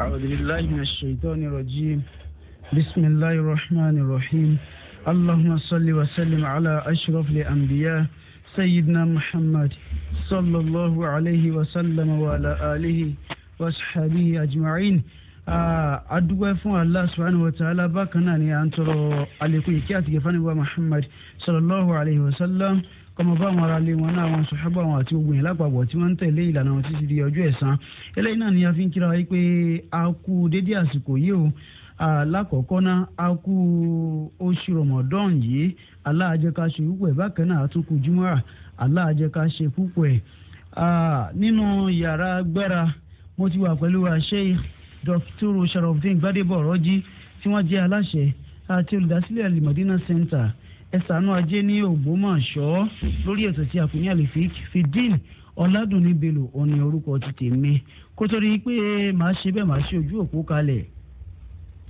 أعوذ بالله من الشيطان الرجيم بسم الله الرحمن الرحيم اللهم صل وسلم على أشرف الأنبياء سيدنا محمد صلى الله عليه وسلم وعلى آله وصحبه أجمعين adúgbò fún Allah subhanahu wa ta'ala bákan náà ni à ń tọrọ àlékún ìkí àtìgẹ́fà Muhammad sallallahu alayhi wa sallam kọmọ bá àwọn aráalé wọn náà àwọn sọ̀hábà wọn àti ogun yẹn lápapọ̀ tí wọ́n ń tẹ̀lé ìlànà wọn títí di ọjọ́ ẹ̀san eléyìí náà ni a fi ń kíra wáyé pé a kú dédé àsìkò yìí o alákọ̀ọ́kọ́ náà a kú oṣù rọmọdán yìí aláàjẹká ṣe púpọ̀ ẹ̀ bákan náà àtúnkù jùmọ̀rà aláàjẹká ṣe púpọ̀ ẹ̀ nínú yàrá gbẹ́ra mo ti wà pẹ̀lú Sheikh Dr. Sharafdin Gbadebo Ọ̀rọ̀jí tí wọ́n jẹ́ aláṣẹ madina Center ẹ̀sánú ajé ní Ògbómọ̀ṣọ́ lórí ètò tí a kò ní àlefik fidin ọ̀làdùnní bello òní orúkọ ti tèmi kó tó rí i pé màá ṣe bẹ́ẹ̀ màá ṣe ojú òpó kalẹ̀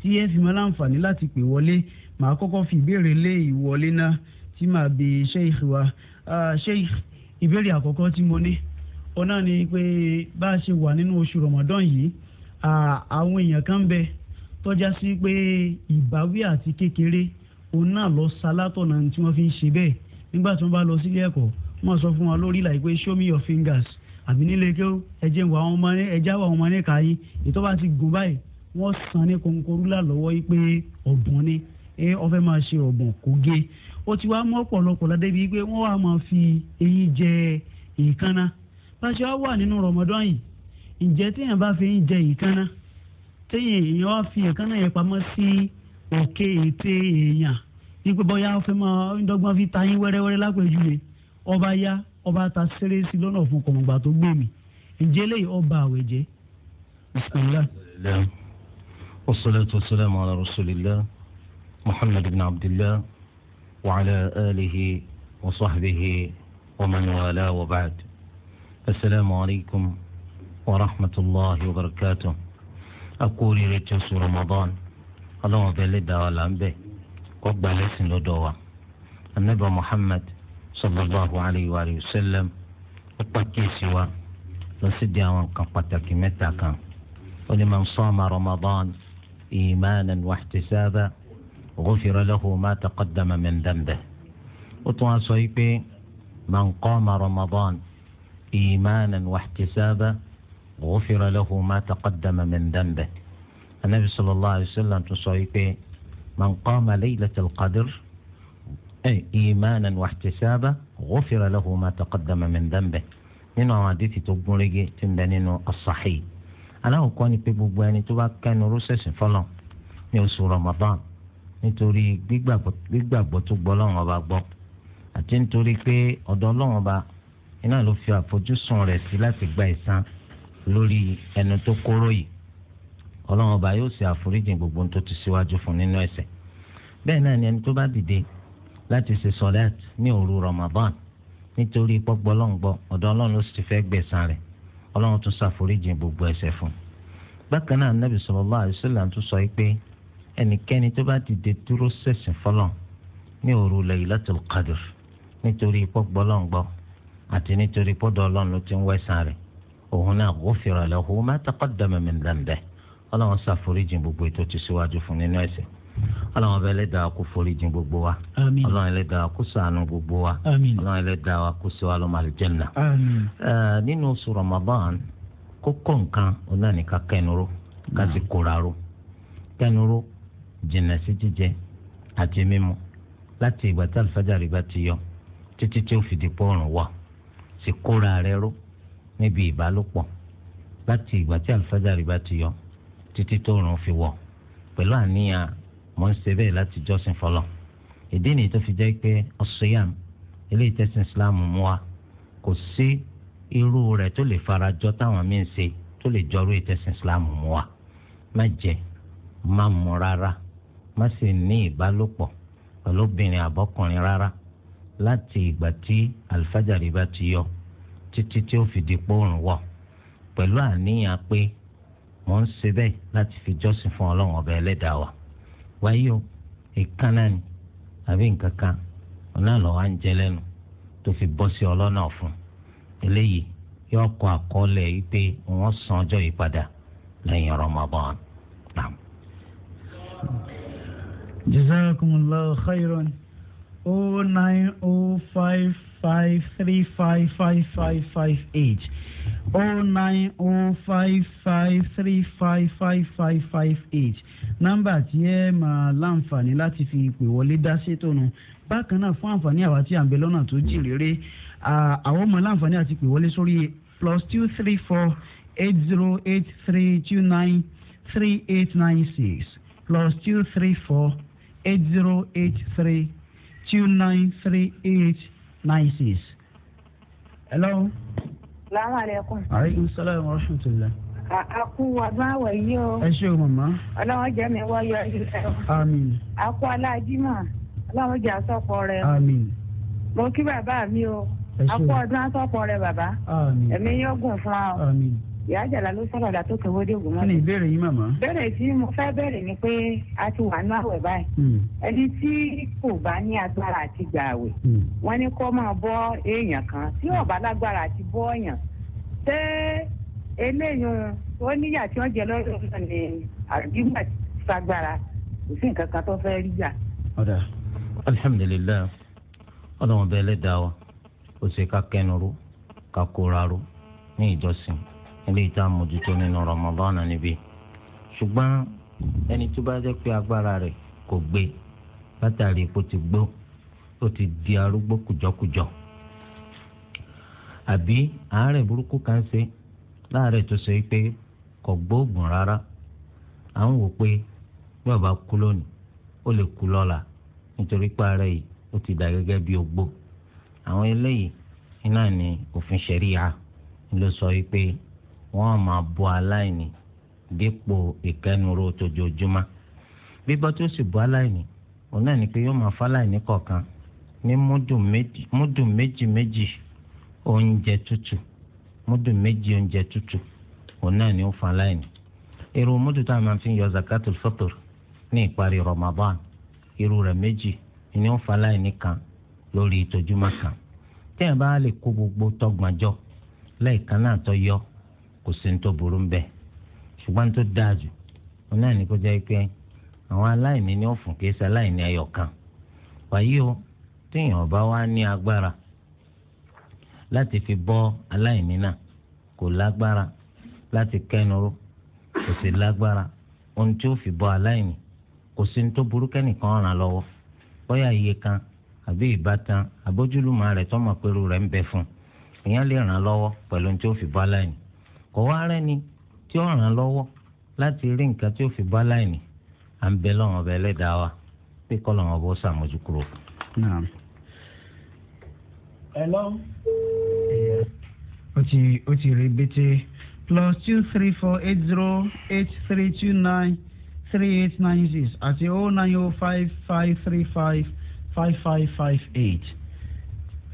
tí ẹ fi máa láǹfààní láti pè wọlé màá kọ́kọ́ fi ìbéèrè lé ìwọlé náà tí màá bi sheikh wa sheikh ìbéèrè àkọ́kọ́ tí mo ní ọ̀nà ni pé bá a ṣe wà nínú oṣù Ramadan yìí àwọn èèyàn kan ń bẹ tọ́já sí pé ìbáwí àti kékeré òun náà lọ salátọ̀nà tí wọ́n fi ń ṣe bẹ́ẹ̀ nígbà tí wọ́n bá lọ sílé ẹ̀kọ́ wọ́n sọ fún wọn lórí ìlà ìpè show me your fingers àbí nílé kí ẹjẹ wà wọn mọ́ni ẹjá wà wọn mọ́ni káyé ìtọ́ bá ti gùn báyìí wọ́n san ní kòńkòrúlà lọ́wọ́ yìí pé ọ̀bùn ni ẹ ọfẹ́ máa ṣe ọ̀bùn kò gé ó ti wá mọ́ ọ̀pọ̀lọpọ̀ ládé bíi pé wọ́n wá máa fi eyín jẹ èékánná báṣọ á wà nínú rọmọdán yìí ǹjẹ́ téèyàn bá fi eyín jẹ èékánná téèyàn èèyàn wá fi èékánná yẹn pamọ́ sí òkè ète èèyàn wípé bọ́yá ó fẹ́ máa ń dọ́gbọ́n fi ta yín wẹ́rẹ́wẹ́rẹ́ lápẹ̀jùlẹ̀ ọba yá ọba ta sẹ́rẹ́ sí lọ́nà fún kọ̀mọ̀gbà tó gbé mi ǹjẹ́ lè ọba àwẹ̀ jẹ́ bismillah. wassalatu wassalamu ala rasulillah muhammad ibn abdillah ọlọ́run ọbẹ̀ lè dá wa là ń bẹ̀ kó gba lẹ́sìn lọ́dọ̀ wa anabi muhammad sallallahu alayhi wa sallam ó pàkíyèsí wa lọ sí di àwọn nǹkan pàtàkì mẹ́ta kan ó ní man sama ramadan imanan wahtisaba ghufira lahu ma taqaddama min dhanbihi ó tún wá sọ yìí pé man qama ramadan imanan wahtisaba ghufira lahu ma taqaddama min dhanbihi anabi sallallahu alayhi wa sallam tún sọ yìí pé man qama laylatal qadr imanan wahtisaba ghufira lahu ma taqaddama min dhanbihi nínú àwọn àdìsí tó gúnrégé tí ń bẹ nínú as-sahih aláwòkọ́ ni pé gbogbo ẹni tó bá kẹ́nu rọ́ṣẹ̀sìn fọlọ́ ní oṣù Ramadan nítorí gbígbàgbọ́ tó gbọ́ lọ́wọ́n ọba gbọ́ àti nítorí pé ọ̀dọ̀ lọ́wọ́n ọba fi àfojúsùn rẹ̀ sí láti gba ìsan lórí ẹnu tó kóró yìí ọlọ́run ọba yóò ṣe àforíjì gbogbo tó ti síwájú fún nínú ẹ̀ṣẹ̀ bẹ́ẹ̀ náà ni ẹni tó bá dìde láti ṣe sọlẹ́t ní òru Ramadan nítorí pọ́gbọ́ ọlọ́run gbọ́ ọ̀dọ̀ ọlọ́run ló sì ti fẹ́ gbẹ̀san rẹ̀ ọlọ́run tún ṣàforíjì gbogbo ẹ̀ṣẹ̀ fún un bákan náà nàbì sallallahu alaihi wasallam tún sọ pé ẹnikẹ́ni tó bá dìde dúró ṣẹ̀sìn fọlọ́n ní òru Laylatul Qadr nítorí ọlọ́run ṣàforíjìn gbogbo ètò ti síwájú fún nínú ẹ̀ṣẹ̀ ọlọ́run ọba ẹlẹ́dàá kó foríjìn gbogbo wa ọlọ́run ẹlẹ́dàá kó ṣàánú gbogbo wa ọlọ́run ẹlẹ́dàá kó ṣe wa lọ́mọ àlùjànnà. nínú oṣù Ramadan kókó nǹkan onáníkà kẹnuró kásì kóraró kẹnuró jìnnà sí jíjẹ àti mímu láti ìgbà tí alifájàre bá ti yọ títí tí ó fi di pọ́ọ̀rùn wà sí kóra rẹ ró níbi ìbálòpọ̀ láti ìgbà tí alifájàre bá ti yọ títí tó rùn fi wọ̀ pẹ̀lú àníyàn mọ̀ ń ṣe bẹ́ẹ̀ láti jọ́sìn fọlọ́ ìdí nìyí tó fi jẹ́ pé ọ̀sọ́yàm ilé ìtẹ́sìn islam mú wa kò sí irú rẹ̀ tó lè farajọ táwọn míín ṣe tó lè jọrú ìtẹ́sìn islam mú wa má jẹ má mu rárá má sì ní ìbálòpọ̀ pẹ̀lú obìnrin àbọ́kùnrin rárá láti ìgbà tí alifájàre bá ti yọ títí tí ó fi di pòórùn wọ̀ pẹ̀lú àníyàn pé mò ń ṣe bẹ́ẹ̀ láti fi jọ́sìn fún ọlọ́run ọba ẹlẹ́dàá wa wáyé o ìkànnà ni àbí nǹkan kan ọ̀nà lọ́wọ́ ń jẹ lẹ́nu tó fi bọ́ sí ọlọ́nà fún eléyìí yóò kọ àkọọ́lẹ̀ yìí pé wọ́n san ọjọ́ yìí padà lẹ́yìn Ramadan náà. jazakumullahu khairan o oh nine o oh five five three five five five five eight oh nine oh five five three five five five five eight nọ́mbà tí ẹ máa láǹfààní láti fi ìpè wọlé dá ṣètò nù bákan náà fún àǹfààní àwa tí à ń bẹ lọ́nà tó jìn réré àwọn ọmọ láǹfààní àti ìpè wọlé sórí plus two three four eight zero eight three two nine three eight nine six plus two three four eight zero eight three two nine three eight nine six. hello. salaamaleykum. aleykum salaam wa rahmatulah. a kú ọdún àwẹ̀ yìí o. ẹ ṣé o màmá. ọlọ́run jẹ́ mi wáyọ̀ ilẹ̀. àmín. a kú aláàjímọ̀ ọlọ́run jẹ́ àsọ̀pọ̀ rẹ. àmín. mo kí bàbá mi o. ẹ ṣé o. a kú ọdún àsọ̀pọ̀ rẹ bàbá. àmín. ẹ̀mí yóò gùn fún wa o. àmín. ìyá àjàlá ló sọ̀rọ̀ dà tó kẹwọ́ ògùn kí ni ìbéèrè yín màmá. bẹ́ẹ̀rẹ̀ tí mo fẹ́ bẹ̀rẹ̀ ni pé a ti wà nínú àwẹ̀ báyìí. Hmm. ẹni tí kò bá ní agbára àti gbà àwẹ̀ hmm. wọ́n ní kó máa bọ́ èèyàn kan tí ò hmm. lágbára àti bọ́ èèyàn ṣé eléyìí ó níyà tí wọ́n jẹ lọ́dọ̀ ní àdúgbò sagbára kò sí nǹkan kan tó fẹ́ rí gbà. ọ̀dà alhamdulilayi eléyìí tá a mójútó nínú Ramadan níbí ṣùgbọ́n ẹni tó bá jẹ́ pé agbára rẹ̀ kò gbé látàrí epo ti gbó ó ti di arúgbó kùjọkùjọ àbí àárẹ̀ burúkú kan ṣe láàárẹ̀ tó ṣe pé kò gbóògùn rárá à ń wò pé bí ọba kú lónìí ó lè kú lọ́la nítorí pé yìí ó ti dà gẹ́gẹ́ bí ogbó àwọn eléyìí iná ni òfin ṣẹ̀ríya ló sọ wípé wọ́n á máa bọ́ aláìní dípò ìkẹnuró tójoojúmọ́ bíbọ́ tó sì bọ́ aláìní òun náà ni pé yóò máa fáláìní kọ̀ọ̀kan ní múdù méjì méjì oúnjẹ tútù múdù méjì oúnjẹ tútù òun náà ni ó fáláìní irú múdù tá a máa fi yọ zakatul fitr ní ìparí Ramadan irú rẹ̀ méjì ni ó fáláìní kan lórí ìtọ́júmọ́ kan tẹ́yìn bá lè kó gbogbo tọgbọ̀njọ lẹ́ẹ̀kan náà tó yọ kò sí ní tó burú ń bẹ ṣùgbọ́n tó dáa jù wọn náà ní kó jẹ́ pé àwọn aláìní ní ọ̀fun kìí ṣe aláìní ẹyọ kan wàyí o téèyàn bá wá ní agbára láti fi bọ́ aláìní náà kò lágbára láti kẹnuró kò lágbára ohun tí fi bọ́ aláìní kò sí ní tó burú kẹ́nìkan ràn lọ́wọ́ kan àbí ìbátan rẹ̀ rẹ̀ ń bẹ fún fi bọ́ aláìní kò wá rẹ́ni tí ó ràn án lọ́wọ́ láti rí nǹkan tí ó fi bá láìní à ń bẹ lọ́wọ́ ọbẹ̀ ẹlẹ́dàá wa pé kọ́ lọ́wọ́ bó sàmójú kúrò. hello. ó ti ó ti rí bété plus two three four eight zero eight three two nine three eight nine six àti o oh nine o oh five five three five five five five eight.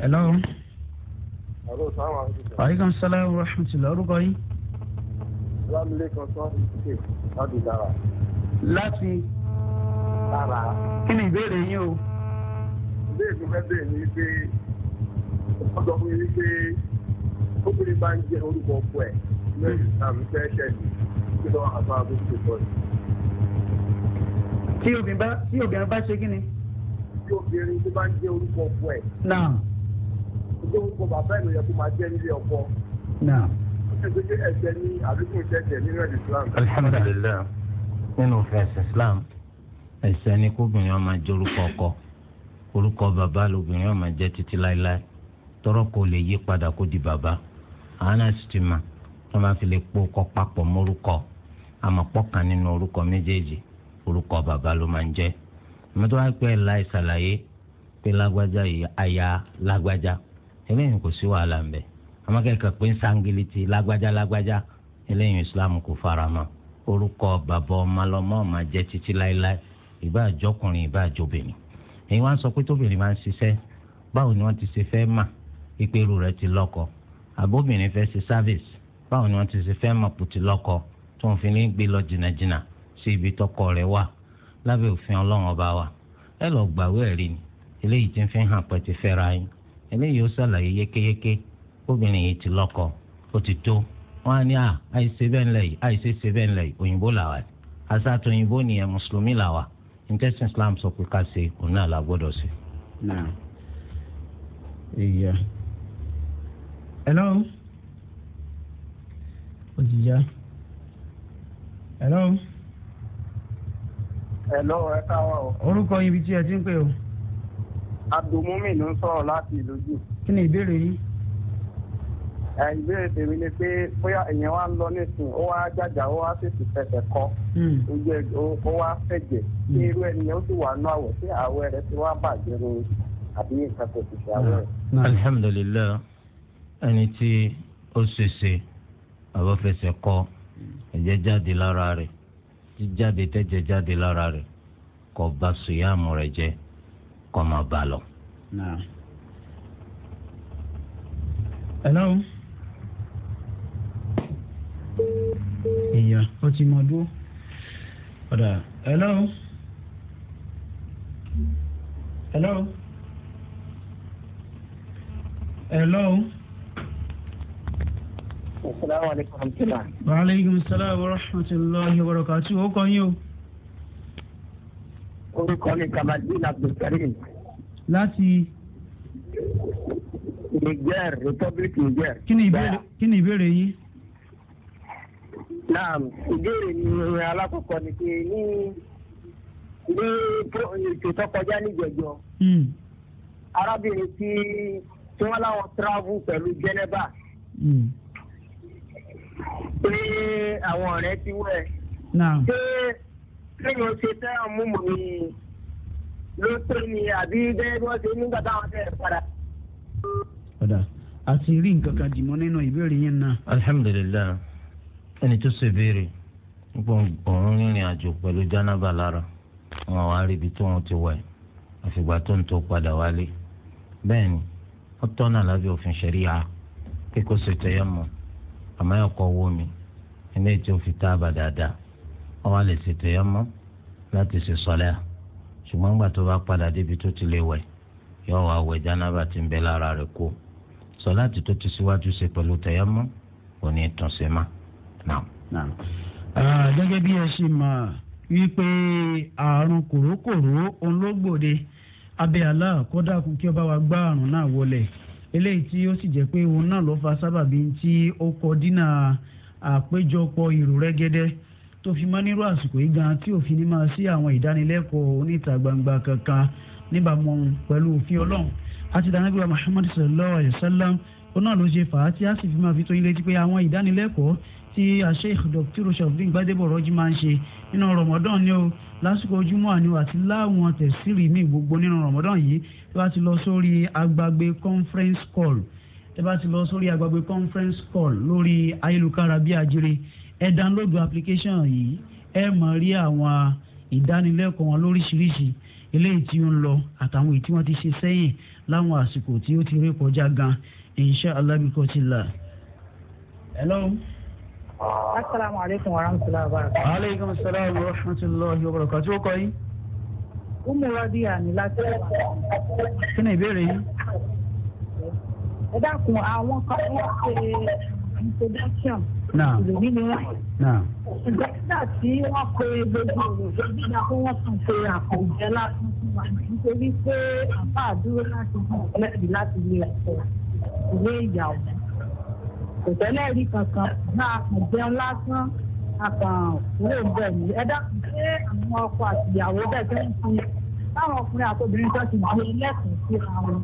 hello. hello sàmà. wàhálà sàlámù rahmatulah orúkọ yìí. Rámílẹ́kan Sọ́ọ̀dì ṣe láti dára. Láti. Dára. Kí ni ìbéèrè yín o? Ìbéèrè mi fẹ́ bèèrè ni pé wọ́n sọ fún mi pé obìnrin bá ń jẹ orúkọ ọkọ ẹ̀ lẹ́yìn àmì fẹ́ ṣẹ̀ ní kí lọ́wọ́ àbá àbúrò tó tí obìnrin bá ṣe kí ni. tí obìnrin tó bá ń jẹ orúkọ ọkọ ẹ̀. náà. ojú orúkọ bàbá ẹ̀ ló yẹ kó máa jẹ́ nílé ọkọ. náà ẹ̀ṣẹ̀ ni àdúgbò ṣẹ̀ṣẹ̀ nínú ẹ̀sìn Islam. alhamdulilayi nínú fẹsẹ̀ Islam ẹ̀ṣẹ̀ ni kóbìnrin ọmọ jẹ́ orúkọ ọkọ orúkọ bàbá lóbìnrin ọmọ jẹ́ títí láéláé tọrọ kò lè yí padà kó di bàbá àánà sì ti mà wọn bá fi lè pò kọ papọ̀ mórúkọ àmọ̀pọ̀ kan nínú orúkọ méjèèjì orúkọ bàbá ló máa ń jẹ́ mọ́tò wá pẹ́ láì ṣàlàyé pé lágbájá yìí aya lágbájá eléyìí kò sí wàhálà ń bẹ àmọ́ kẹ́kẹ́ pé ń sangiliti lágbájá lágbájá eléyìí islam kò fara mọ́ orúkọ bàbá ọmọ lọmọ ọmọ jẹ́ títí láéláé ìbá àjọkùnrin ìbá àjọbìnrin èyí wá ń sọ pé tóbìnrin máa ń ṣiṣẹ́ báwo ni wọ́n ti ṣe fẹ́ mà ipe irú rẹ̀ ti lọ́kọ àbóbìnrin fẹ́ ṣe service báwo ni wọ́n ti ṣe fẹ́ mà pùtì lọ́kọ tó ń fi ní gbé lọ jìnnàjìnnà sí ibi tọkọ rẹ̀ wà lábẹ́ òfin ọlọ́run ọba wa ẹ lọ gbàwé ẹ̀rí ni eléyìí ti fi hàn pẹ́ ti fẹ́ra yín eléyìí ó ṣàlàyé yékéyéké obìnrin yìí ti lọ́kọ ó ti tó wọn á ní à ah, àìsè bẹ́ẹ̀ ńlẹ̀ yìí àìsè ṣe bẹ́ẹ̀ ńlẹ̀ yìí òyìnbó làwà ni àṣà tó òyìnbó nìyẹn mùsùlùmí làwà intestine Islam sọ pé ká ṣe òun náà la gbọ́dọ̀ ṣe. hello òjìjà hello. hello ẹ káwọ. orúkọ ibi tí ẹ ti ń pè o. abdulmumin ń sọ̀rọ̀ láti ìlú jù. kí ni ìbéèrè yìí ìbéèrè tèmi ni pé bóyá èèyàn wá ń lọ nísìnyí ó wá jàjà ó wá fèsì fẹsẹ̀ kọ́ hmm. ojú ẹ̀ ó wá fẹ̀jẹ̀ kí hmm. irú ẹnìyẹn ó sì wà nú àwẹ̀ tí àwẹ̀ rẹ̀ ti wá bàjẹ́ ni àbí nǹkan kò sì ṣe àwẹ̀ hmm. alhamdulilayi ẹni tí ó ṣèṣe àbọ̀ fẹsẹ̀ kọ́ ẹ̀jẹ̀ jáde lára rẹ̀ jíjáde tẹ́jẹ̀ jáde lára rẹ̀ kó bà sùyàmù rẹ̀ jẹ́ kó má bà lọ. Hello. yá. ó ti mọ dúró. ọ̀dà hello. hello. hello. asalaamualeykum rahmatulah. waaleykum salaam wa rahmatulahi wa barakatu. ó kọ́ yín o. orúkọ mi kamadin abdulkareem. láti. niger republic niger. kí ni ìbéèrè yín naam ìbéèrè mi alákọ̀ọ́kọ́ ni pé ní ní ètò tó kọjá níjẹ̀jọ́ hmm. arábìnrin tí tí wọ́n láwọn travel pẹ̀lú jẹ́nẹ́bà hmm. pé àwọn ọ̀rẹ́ ti wẹ̀ ṣé kéèyàn ṣe fẹ́ràn múmu ni ló tó ni àbí gẹ́gẹ́ bí wọ́n ṣe nígbà táwọn ṣe padà. ọ̀dà àti rí nǹkan kan jìmọ́ nínú ìbéèrè yẹn náà. alhamdulilayi ẹni tó ṣe béèrè nípa òun rìnrìn àjò pẹ̀lú jánábà lára wọn wá rí ibi tí wọn ti wà àfìgbà tó ń tó padà wálé bẹ́ẹ̀ ni ó tọ́nà lábẹ́ òfin ṣẹ̀ríya kíkó ṣe tẹ̀yẹ̀ mọ́ àmọ́ ẹ̀kọ́ wo mi ilé tí ó fi tá a bà dáadáa wọn wá lè ṣe tẹ̀yẹ̀ mọ́ láti ṣe sọ́lẹ́à ṣùgbọ́n gbà tó bá padà débi tó ti lè wẹ̀ yóò wá wẹ̀ jánábà tí ń bẹ lára rẹ̀ kó sọ́láàtì tó ti síwájú ṣe pẹ̀lú tẹ̀yẹ̀ mọ́ òní ìtúnṣe máa. Ah, gẹ́gẹ́ bí ẹ ṣe mọ̀ wípé àrùn kòrókòró òun ló gbòde abẹ́ Allah kó dákun kí ó bá wa gbá àrùn náà wọlẹ̀ eléyìí tí ó sì jẹ́ pé òun náà ló fa sábàbí tí ó kọ dínà àpéjọpọ̀ ìrù rẹ́gẹ́dẹ́ tó fi mọ́ nírú àsìkò yìí gan tí òfin ní máa sí àwọn ìdánilẹ́kọ̀ọ́ oníta gbangba kankan níbàámu pẹ̀lú òfin ọlọ́run àti ìdánilẹ́kọ̀ọ́ Muhammad sallallahu alayhi wa sallam òun náà ló ṣe fà á tí a sì fi máa fi tó yín létí pé àwọn ìdánilẹ́kọ̀ọ́ tí asheikh dr shafdin gbadebo rọjí máa ń ṣe nínú rọmọdán ni o lásìkò ojúmọ́ àníwò àti láwọn tẹ̀sírì ní gbogbo nínú rọmọdán yìí tí wọ́n ti lọ sórí agbágbé conference call tí wọ́n ti lọ sórí agbágbé conference call lórí ayélujára bí ajere ẹ download application yìí ẹ máa rí àwọn ìdánilẹ́kọ̀ọ́ wọn lóríṣiríṣi eléyìí tí ó ń lọ àtàwọn èyí tí wọ́n ti ṣe sẹ́yìn láwọn àsìkò tí ó ti rí kọjá gan insha Allah bi kotila. hello asalaamu aleykum wa rahmatulah wa barakatuh. aleykum salaam wa rahmatulah wa barakatuh. o kọ yín. umu radiya ni láti wà. kí ni ìbéèrè yín. ẹ dákun àwọn kan wọ́n ṣe introduction. ìròyìn ni wọ́n. ìgbésà tí wọ́n pe gbogbo òwò nígbà tí wọ́n tún pe àkànjẹ́ láti fún wa nítorí pé àbá àdúró láti fún ọ̀lẹ́bí láti lè ọ̀pọ̀ ìwé ìyàwó kò tẹ́lẹ̀ rí kankan náà kàn jẹun lásán àkàn kúrò bẹ̀ ní ẹ dákun pé àwọn ọkọ àti ìyàwó bẹ̀ tó ń fi táwọn ọkùnrin àti obìnrin tó ti gbé lẹ́sìn sí àwọn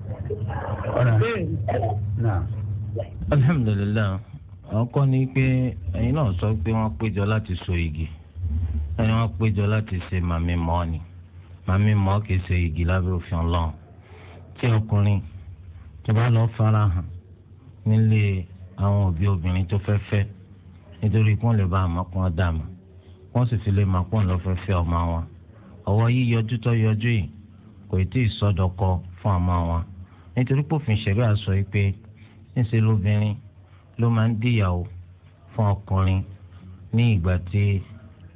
ìbéèrè. alhamdulilayi ọkọ ni pé ẹ̀yin náà sọ pé wọ́n péjọ láti so igi ẹni wọ́n péjọ láti ṣe màmí mọ ni màmí mọ kì í ṣe igi lábẹ́ òfin Ọlọ́run tí ọkùnrin tó bá lọ fara hàn nílé àwọn òbí obìnrin tó fẹ́ fẹ́ nítorí kí wọ́n lè bá àmọ́ pọ́n dà mọ́ wọ́n sì fi lè máa pọ́n lọ́ fẹ́ fẹ́ ọmọ wọn ọwọ́ yíyọjú tó yọjú yìí kò tí ì sọdọkọ fún ọmọ wọn nítorí pòfin ṣẹ̀ríà sọ pé ńṣe lóbìnrin ló máa ń díyàwó fún ọkùnrin ní ìgbà tí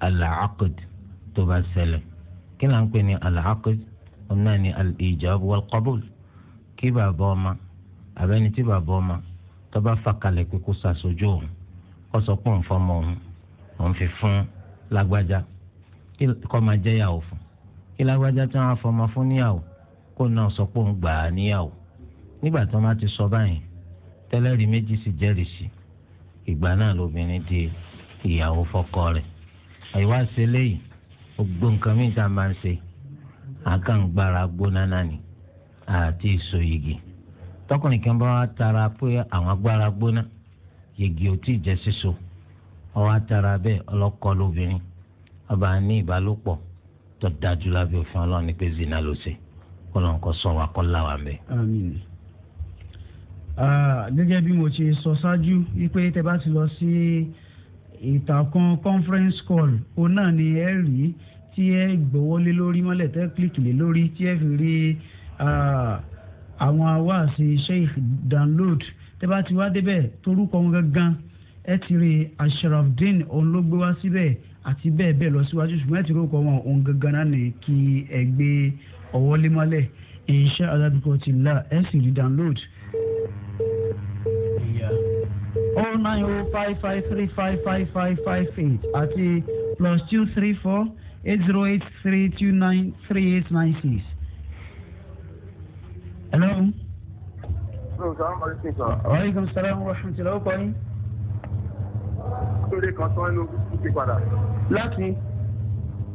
alaakod tó bá ṣẹlẹ̀ kí là ń pè ní alaakod òun náà ní al-ijab wal-qabul kí bàbá ọmọ àbẹ́ni tí bàbá ọmọ tọ́ba fàkalẹ̀ pé kó ṣàṣojú òun kó sọ pé òun fọmọ òun òun fi fún lágbájá kó máa jẹ́ yàwó fún kí lágbájá tí wọ́n á fọmọ fún níyàwó kó náà sọ pé òun gbà á níyàwó nígbà tí wọ́n bá ti sọ báyìí tẹ́lẹ̀rí méjì sì jẹ́rìsì ìgbà náà lobìnrin di ìyàwó fọ́kọ rẹ̀ àyíwá ṣe léyìí gbogbo nǹkan mìíràn máa ń ṣe àgàǹgbára gbóná náà ni àti ìsoyìgì tọkùnrin kan bá wá tara pé àwọn agbára gbóná yègì ò tí ì jẹ síso ọwọ́ atara bẹ́ẹ̀ ọlọ́kọ lóbìnrin ọba ní ìbálòpọ̀ tó dájú lábẹ́ òfin ọlọ́run ní pé zina ló ṣe ọlọ́run kò sọ wa kọ́ láwa ń bẹ. gẹ́gẹ́ bí mo ṣe sọ ṣáájú wípé tẹ bá ti lọ sí ìtàkùn conference call òun náà ni ẹ rí tí ẹ gbọ́wọ́lé lórí mọ́lẹ̀ tẹ́ kílìkì lé lórí tí ẹ fi rí àwọn awáàsí sheikh download tẹ́ bá ti wá débẹ̀ torúkọ wọn gangan ẹ ti rí ashrafdin òun ló gbé wá síbẹ̀ àti bẹ́ẹ̀ bẹ́ẹ̀ lọ síwájú ṣùgbọ́n ẹ ti rúkọ wọn òun gangan náà ní kí ẹ gbé ọwọ́ lé mọ́lẹ̀ insha Allah ti là ẹ sì rí download. oh nine oh five five three five five five five eight àti plus two three four eight zero eight three two nine three eight nine six hello. aleykum salaam wa rahmatulah ó kọ́ yín. lórí kan sọ inú ti padà. láti.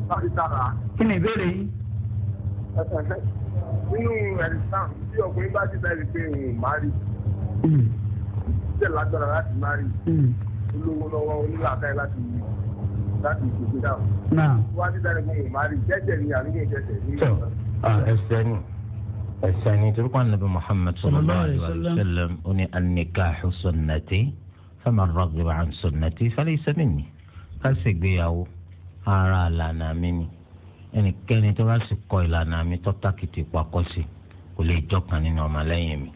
láti tara. kí ni ìbéèrè yìí. nínú ẹ̀rìsán tí ọkùnrin bá ti bẹ̀rẹ̀ pé òun máa rí. ṣé lágbára láti máa rí. Hmm. olówó lọ́wọ́ onílàáfẹ́ láti yí láti ìgbésí dáhùn. wọ́n á ti bẹ̀rẹ̀ pé òun máa rí jẹ́jẹ̀ ni àríyànjẹ́jẹ̀ ní ìgbà. ẹsẹ̀ ni ẹ̀sẹ̀ ni torí kan nàbẹ muhammed sallallahu alayhi wa sallam ó ní anikahu sunnati fama rọgbìbà àn sunnati falaysa minni ká ṣègbéyàwó ara àlànà mi ni ẹnikẹ́ni tó bá sì kọ ìlànà mi tọ́ta kìtì pakọ́ sí kò lè jọ́kan nínú ọmọlẹ́yìn mi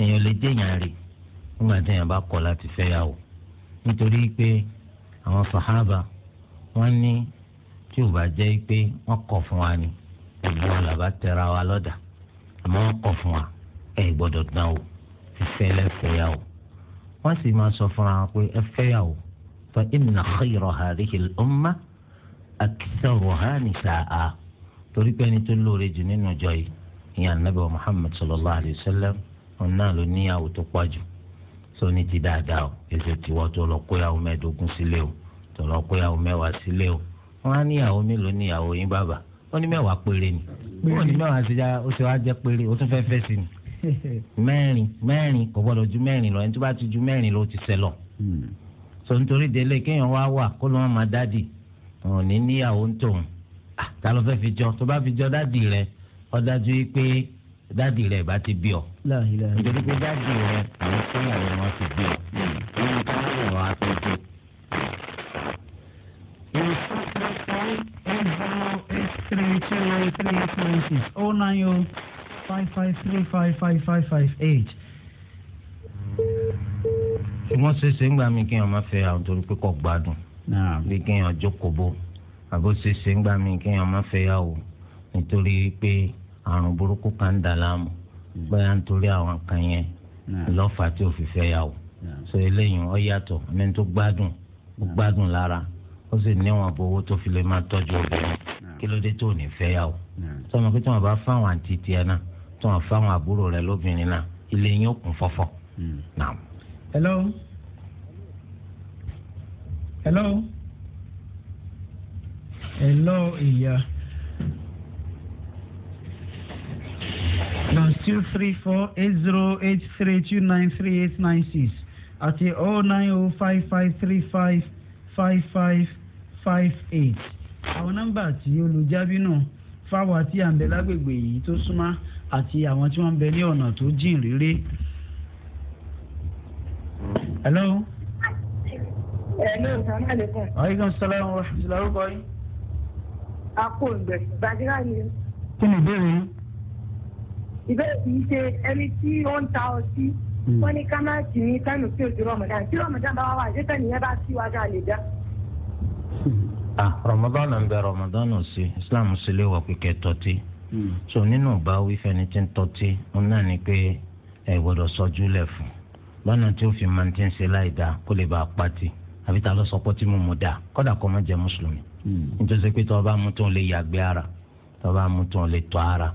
èèyàn lè jẹ́yàn rí nígbà tí èèyàn bá kọ̀ láti fẹ́yàwó nítorí pé àwọn sàhábà wọ́n ní tí ò bá jẹ́ pé wọ́n kọ̀ fún wa ni gbogbo ọ̀làbá tẹra wa lọ́dà àmọ́ wọ́n kọ̀ fún wa ẹ gbọ́dọ̀ dán o fífẹ́ lẹ́fẹ̀ẹ́yà o wọ́n sì máa sọ fúnra pé ẹ o fa umma aktharuha nisaa torí pé ẹni tó lóore jù nínú ìjọ yìí ìyá wa sallallahu alayhi wa sallam náà ló níyàwó tó jù ní ti dáadáa o èso tó lọ mẹ́ẹ̀ẹ́dógún sílé o tó ó ní mẹ́wàá péré ni ó ní mẹ́wàá ṣe já ó ṣe wá jẹ́ péré ó tún fẹ́ fẹ́ sí ni mẹ́rin mẹ́rin kò gbọ́dọ̀ ju mẹ́rin lọ ẹni tó bá ti ju mẹ́rin lọ ó ti ṣẹ lọ. Hmm. sọ nítorí délé kéèyàn wá wà kó ló wọn máa dádì òun ní níyàwó ń tòun ah, ta ló fẹ́ fi jọ tó bá fi jọ dádì rẹ ó dájú pé dádì rẹ bá ti bí ọ nítorí pé dádì rẹ àwọn sọ́yà rẹ wọn ti bí ọ hmm. two nine three eight nine six oh nine oh five five three five five five five eight. ṣùgbọ́n ṣeéṣe ńgbà mí kéèyàn máa fẹ́ àwọn torí pé kò gbádùn bí kéèyàn jókòó bó àbó ṣeéṣe ńgbà mí kéèyàn máa fẹ́ yà wò nítorí pé àrùn burúkú kan ń dà láàmú hmm. bóyá nítorí àwọn kan yẹn lọ́fà tí ò fi fẹ́ yà wò so eléyìí ọ yàtọ̀ ẹni tó gbádùn ó gbádùn lára ó sì níwọ̀n bó owó tó fi lè máa tọ́jú obìnrin kí ló dé tó ní fẹ́yàwó sọmọ pé tí wọn bá fáwọn àǹtí tiẹ̀ náà tí wọn fáwọn àbúrò rẹ lóbìnrin náà ilé yín ó kún fọ́fọ́. Mm. hello hello hello ìyá plus two three four eight zero eight three two nine three eight nine six àti oh nine oh five five three five five five five eight àwọn nọ́mbà tí olùjábí náà fáwọn àti àǹbẹ̀ lágbègbè yìí tó súnmọ́ àti àwọn tí wọ́n ń bẹ ní ọ̀nà tó jìn réré. hello. hello salaam aleykum. aleykum salaam wa rahmatulah orúkọ yìí. a kò gbẹ gbàdúrà ni. kí ni ìbéèrè yín. ìbéèrè kì í ṣe ẹni tí ó ń ta ọtí. Hmm. wọ́n ní ká má tì ní táìmù tí ò ti tí rọmọdán bá wà wá àdéhùn ìyẹn bá sí wájú àlè dá ah Ramadan ń bẹ Ramadan ò sí Islam sì lè wà pípẹ́ tọ́tí hmm. so nínú báwí fẹni tí ń tọ́tí òun náà ni pé ẹ gbọ́dọ̀ sọjú lẹ̀ fún lọ́nà tí ó fi máa ti ń ṣe láì dáa kó lè bá a pati àbí ta ló sọ pé tí mo mú dáa kódà kó má jẹ mùsùlùmí hmm. nítorí pé tó o bá mú tó o lè yàgbé ara tó o bá mú tó o lè tọ́ ara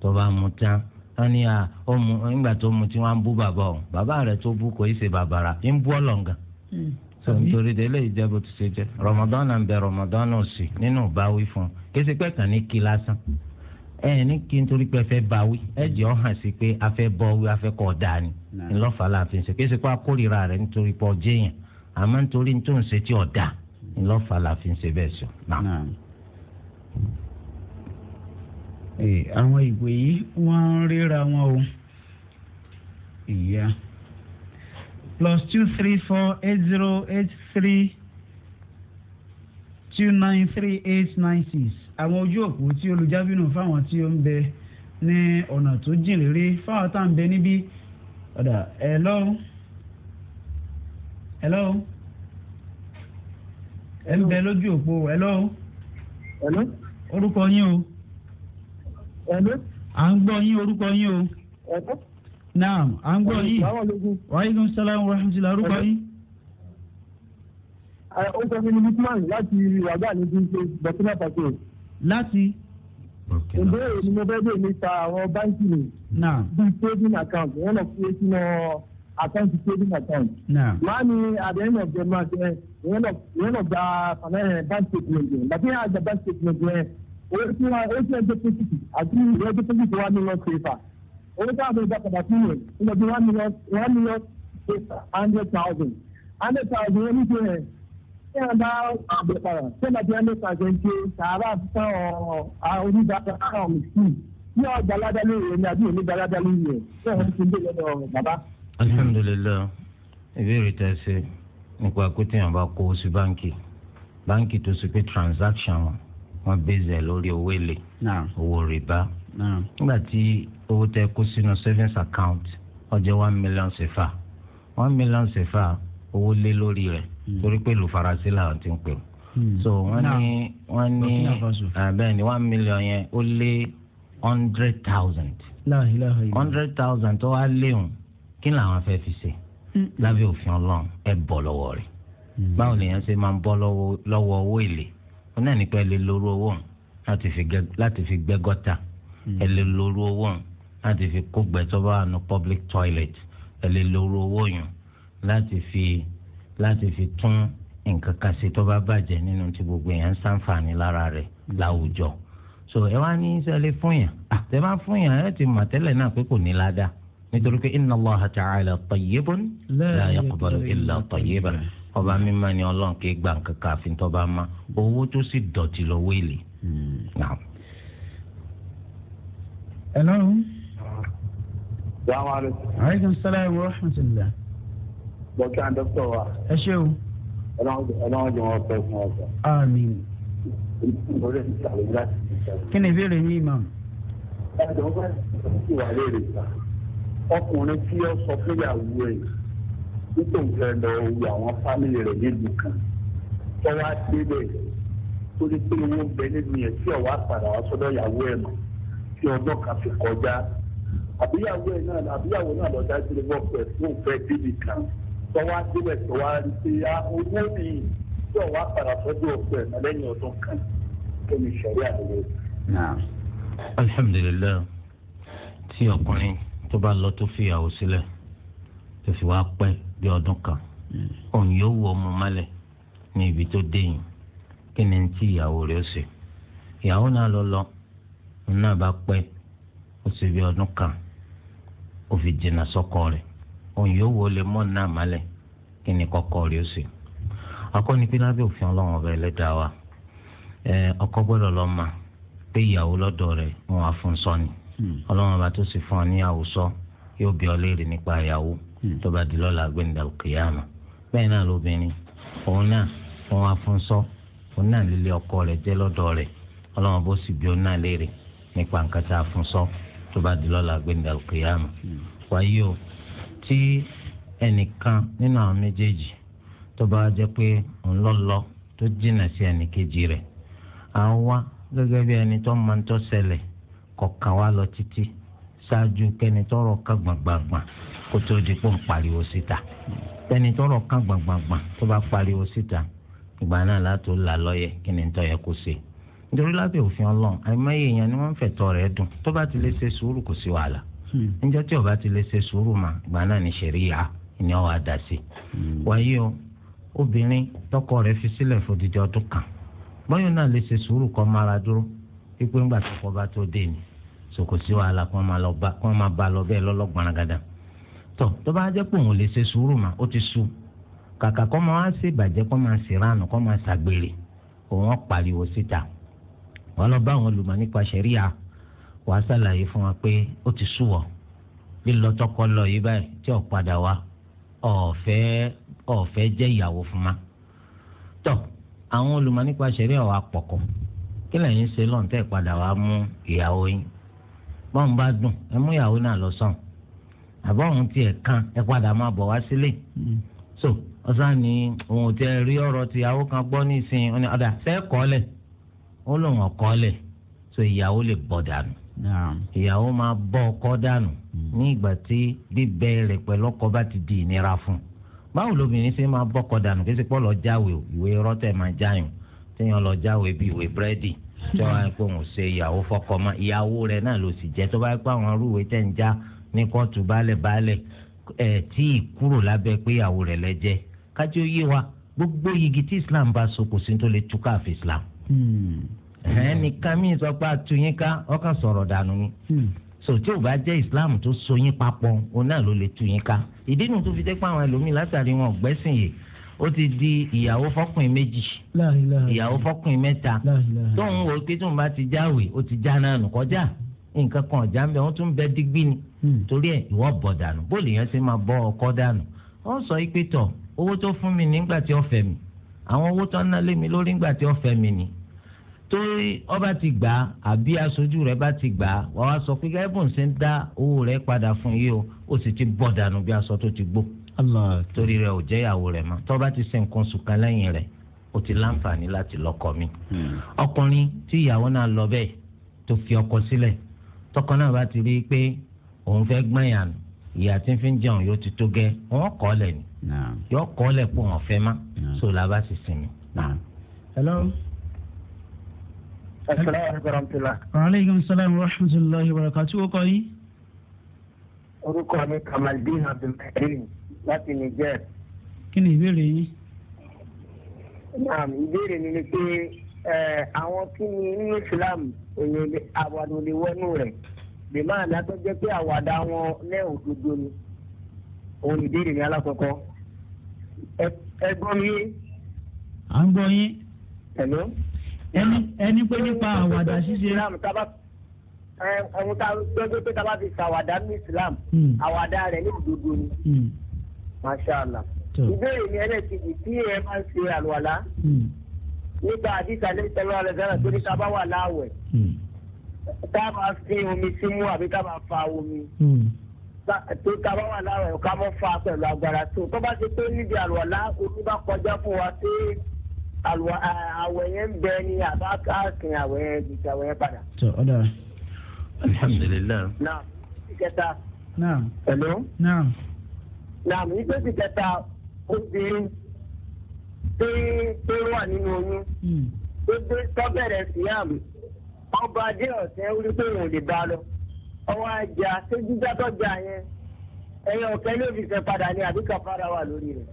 tó o bá mú tán wọ́n ní à nígbà tó mu tí wọ́n á bú bàbá o bàbá rẹ̀ tó bú kò í ṣe bàbàrà ń bú ọlọ́ngàn hmm. sọ nítorí délé ìjẹ́bù ti ṣe jẹ́ rọmọdán náà ń bẹ rọmọdán náà sì nínú ìbáwí fún kése pé kàn ní kí lásán ẹ ní kí n torí pé ẹ báwí ẹ jẹ́ ọ hàn sí a ma bọ́ a láàfin ṣe kése pé akórira nítorí pé plus two three four eight zero eight three two nine three eight nine six àwọn ojú òpó tí olùjábínú fáwọn tí ó ń bẹ ní ọ̀nà tó jìn réré fáwọn tá à ń bẹ níbí ọ̀dà hello hello ẹ ń bẹ lójú òpó hello hello orúkọ yín o hello à ń gbọ́ yín orúkọ yín o hello naam à ń gbọ́ yìí waaleykum salaam wa rahmatulah arúgbó yìí. ó sọ fún mi lukman láti wàgbà ní bí n ṣe burkina faso. láti. ìbéèrè ni mo fẹ́ bèèrè nípa àwọn báńkì mi. naam bíi saving account wọ́n lọ fún etí náà account saving account. naam wàá ní at the end of the month ẹ eh, wọ́n lọ wọ́n lọ gba eh, bank statement yẹn bàbá yẹn àgbà bank statement yẹn o ti wá o ti ẹ deposit àti ìwé deposit wa ni wọ́n ṣe fà owó tí a fẹ́ gba padà sí yẹn ń lọ bí one million one million hundred thousand hundred thousand yẹn níbi yẹn tí a bá àgbẹ̀ padà tí a bá ti hundred thousand ṣe sàárà fún onídàájọ́ àwọn mùsùlùmí ní ọjà aládá lóye ní àbí òní aládá lóye tí wọ́n ti dé lọ́dọ̀ bàbá. alhamdulilayi ìbéèrè tẹ ṣe nípa pé téèyàn bá kó o sí báńkì báńkì tó ṣe pé transaction wọn wọ́n bẹ́sẹ̀ lórí owó èlé owó rìbá nígbà tí owó tẹ kó sínú savings account ó jẹ́ one million sefa one million sefa owó lé lórí rẹ̀ hmm. torí pé ìlú faransé làwọn ti ń pè hmm. so wọ́n ní wọ́n ní bẹ́ẹ̀ ni one million yẹn ó lé hundred thousand hundred thousand tó wá léwu kí làwọn fẹ́ fi ṣe hmm. lábẹ́ òfin ọlọ́run ẹ bọ́ lọ́wọ́ rẹ̀ báwo lèèyàn ṣe máa ń bọ́ lọ́wọ́ owó èlé wọn náà nípa ẹ lè lóru owó láti fi gbẹ́ gọ́tà hmm. ẹ lè lóru owó láti fi kó gbẹ́ tó public toilet ẹ lè lóru owó yàn láti fi láti fi tún nǹkan kan ṣe tó bá bàjẹ́ nínú tí gbogbo èèyàn ń ṣàǹfààní lára rẹ̀ hmm. láwùjọ so ẹ wá ní sẹ́lẹ̀ fún yàn àtẹ ah. bá fún yàn ẹ ti mọ̀ tẹ́lẹ̀ náà pé kò ní ládàá hmm. nítorí pé inna Allaha ta'ala tayyibun la yaqbalu illa tayyiban ọba mímọ́ ni ọlọ́run kì í gbà nǹkan kan àfi tó bá má owó tó sì dọ̀tí lọ́wọ́ èlé. ẹ hmm. lọ́rùn. salaamu aleykum. salaam wa rahmatulah. dókítà dókítà wa. ẹ ṣé o. ọlọ́run jẹ́ wọn pẹ́ fún ọkọ. àmín. orí mi sàlẹ̀ láti. kí ni ìbéèrè yín imam. ẹ jọ̀wọ́ bá ìwà léèrè sá ọkùnrin tí ó sọ fún ìyàwó rẹ̀ títò nǹkan lọ wo àwọn fámìlì rẹ̀ nílùú kan tọ́wá débẹ̀ tó ní pé owó bẹ nínú yẹn tí ọ̀wá padà wá sọ́dọ̀ ìyàwó ẹ̀ mọ̀ tí ọdún kan fi kọjá àbíyàwó ẹ̀ náà àbíyàwó náà lọ dá sílé bọ́ pẹ̀ fún òfẹ́ débì kan tọ́wá débẹ̀ tọ́wá rí pé ah, owó mi tí ọ̀wá padà sọ́dọ̀ ọ̀pẹ̀ mọ̀ lẹ́yìn ọdún kan tó ní sẹ̀rí àdúgbò. alhamdulilayi tí ọkùnrin tó bá lọ tó fìyàwó sílẹ̀ tó fi wá pẹ́ bí ọdún kan òun yóò wọ ọmọ mọ́lẹ̀ ní ibi tó dé yìí kí ni ìyàwó rẹ̀ ṣe ìyàwó náà lọ lọ òun náà bá pẹ́ ó ṣe bí ọdún kan ó fi jìnnà sọ́kọ rẹ̀ òun yóò wọ lè mọ́ náà mọ́lẹ̀ kí ni kọ́kọ́ rẹ̀ ṣe akọni òfin ọkọ gbọ́dọ̀ lọ mà pé ìyàwó wọn wà fún hmm. ọba tó sì fún ọ yóò bí ọ léèrè nípa Hmm. tó bá di lọ́la gbẹ̀ndà kìyàmà bẹ́ẹ̀ náà lóbìnrin òun náà wọn wá fún sọ òun náà lílé ọkọ rẹ̀ jẹ́ lọ́dọ̀ rẹ̀ ọlọ́run bó sì bí òun náà léèrè nípa nǹkan tá a fún sọ tó bá di lọ́la hmm. wáyé o tí ẹnìkan nínú àwọn méjèèjì tó bá jẹ́ pé òun lọ́ lọ tó jìnnà sí ẹnìkejì rẹ̀ àwa gẹ́gẹ́ bí ẹni tó máa ń tọ́ ṣẹlẹ̀ kọ̀ọ̀kan wá lọ títí ṣáájú kẹni tọrọ kan gbàngbàngbàn kó tó di pò ń pariwo síta kẹni tọrọ kan gbàngbàngbàn tó bá pariwo síta ìgbà náà látò là lọ́yẹ̀ kí ni tọ́ yẹ kó ṣe nítorí lábẹ́ òfin ọlọ́run àìmọye èèyàn ni wọ́n ń fẹ̀tọ́ rẹ̀ dùn tó bá ti lè ṣe sùúrù kò sí wàhálà níjọ́ tí ó ti lè ṣe sùúrù mà ìgbà náà ni ṣẹ̀ríyà ni ọ̀ wá dà sí. wáyé o obìnrin tọkọ rẹ̀ fi sílẹ̀ fòdìjọ́ ọdún kan bọ́yọ̀ náà lè ṣe sùúrù kọ́ mara dúró pípé ńgbà tó kọ́ bá tó dé ni sòkò sí wàhálà kó máa ba lọ bẹ́ẹ̀ lọ́lọ́gbọ̀n gàdà tọ tó bá jẹ́ pé òun lè ṣe sùúrù mà ó ti sú kàkà kó máa wá sí ìbàjẹ́ kó máa sì ránù kó máa ṣàgbèrè òun pariwo síta wọn lọ bá àwọn olùmọ̀ nípa ṣẹ̀ríà wàá ṣàlàyé fún wa pé ó ti sú wọ lílọ tọkọ lọ yìí báyìí tí ò padà wá ọ̀fẹ́ ọ̀fẹ́ jẹ́ ìyàwó fún ma tọ àwọn olùmọ̀ nípa ṣẹ̀ríà wàá pọ̀kọ̀ kí lẹ́yìn ṣe lọ́ntẹ́ padà wàá mú ìyàwó yín bọ́ọ̀n bá dùn ẹ mú ìyàwó náà lọ sàn àbọ̀hún tiẹ̀ kan ẹ padà máa bọ̀ wá sílé mm. so ọ̀sán ni òun tẹ rí ọ̀rọ̀ tìyàwó kan gbọ́ nísìnyí ọ̀nà ọ̀dà fẹ́ kọ́lẹ̀ ó lòun ọ̀kọ́lẹ̀ so ìyàwó lè bọ̀ dànù ìyàwó máa ọkọ dànù mm. ní ìgbà tí bíbẹ ti di ìnira fún báwo ṣe máa dànù kí jáwèé ìwé rọ́tẹ̀ máa jáyùn tí wọn á pé òun ṣe ìyàwó fọkọ mọ ìyàwó rẹ̀ náà ló sì jẹ tó bá pé àwọn arúgbó tẹ̀ ń já ní kóòtù baálẹ̀ baálẹ̀ ẹ̀ tí ì kúrò lábẹ́ pé ìyàwó rẹ̀ lẹ́jẹ́ kájí ó yé wa gbogbo yìgì tí islam bá so kò sí tó lè túká àfi islam. Hmm. ẹnìkan mi sọ pé àtúnyínká ọkàn sọ̀rọ̀ dànù ni hmm. so tí o bá jẹ́ islam tó so yín papọ̀ òun náà ló lè tú yín ká ìdí nu tó fi jẹ́ pé àwọn ẹlòmíì látàrí wọn gbẹ́sìn yìí ó ti di ìyàwó fọkùnrin méjì ìyàwó fọkùnrin mẹ́ta tóun wò pé tóun bá ti jáwèé ó ti já náà nù kọjá nǹkan kan ọ̀já ń bẹ wọ́n tún bẹ dígbì ni hmm. torí ẹ̀ ìwọ bọ̀ dànù bóòlù yẹn ṣe máa bọ́ ọkọ dànù ó sọ pé tọ̀ owó tó fún mi nígbà tí ó fẹ́ mi àwọn owó tó ń ná lé mi lórí nígbà tí ó fẹ́ mi ni torí ọba ti gbà àbí aṣojú rẹ bá ti gbà wàá sọ pé gẹ́gẹ́ bó ń ṣe ń dá owó rẹ padà fún yìí o ó sì ti bọ̀ dànù bí aṣọ tó ti gbó torí rẹ̀ ò jẹ́ ìyàwó rẹ̀ mọ́ tó bá ti ṣe nǹkan oṣù kan lẹ́yìn rẹ̀ ó ti láǹfààní láti lọ́kọ mi. Hmm. ọkùnrin tí ìyàwó náà lọ bẹ́ẹ̀ tó fi ọkọ sílẹ̀ tọkọ náà bá ti rí i pé òun fẹ́ gbọ̀nyàn ìyá tí ń fi jẹun yóò ti tó gẹ́ wọ́n kọ́ lẹ̀ ni yóò kọ́ lẹ̀ pé wọ́n fẹ́ má so la sì sinmi. hello. asalaamualeykum wa rahmatulah. waaleykum salaam wa rahmatulahi wa barakatuh. orúkọ mi kamaldeen abdulkareem láti Niger. kí ni ìbéèrè yín. naam ìbéèrè mi ni pé àwọn tí ni nínú Islam òye àwàdà òde wọnú rẹ̀ bèèmà àdàtọ jẹ́ pé àwàdà wọn lẹ òdodo ni òun ìbéèrè mi alákọ̀ọ́kọ́ ẹ gbọ́ mi. à ń gbọ́ yín. hello. ẹni ẹni pé nípa àwàdà ṣíṣe. Islam tábà ẹ̀hún tá gbẹ́gbẹ́ pé tábà fi ṣàwàdà ní Islam hmm. àwàdà rẹ̀ ní òdodo ni. Hmm mashala ìbéèrè mi ẹlẹ́kejì tí ẹ máa ń ṣe àlùwàlá hmm. nígbà àdìsá lẹ́yìn tẹ́lẹ̀ wà lẹ́sẹ̀rẹ̀ torí bá wà láàwẹ̀ hmm. tá a máa fi omi símú àbí ká máa fa omi hmm. tó ká bá wà láàwẹ̀ ká mọ́ fa pẹ̀lú agbára tó tó bá ṣe pé níbi àlùwàlá omi bá kọjá fún wa pé àwẹ̀ yẹn bẹ ni àbá káàkiri àwẹ̀ yẹn jìjà àwẹ̀ yẹn padà. alhamdulilayi. naam. naam. hello. naam. nàmú ìgbésí kẹta obìnrin tí tó wà nínú oyún tó dé tọ́bẹ̀rẹ̀ síyàm ọba adé ọ̀sẹ̀ orí pé òun lè bá lọ ọwọ́ ajá tó jíjá tọ́jà yẹn ẹ̀yìn ọ̀kẹ́ ló fi fẹ́ padà ní àbíkà fara wà lórí rẹ̀.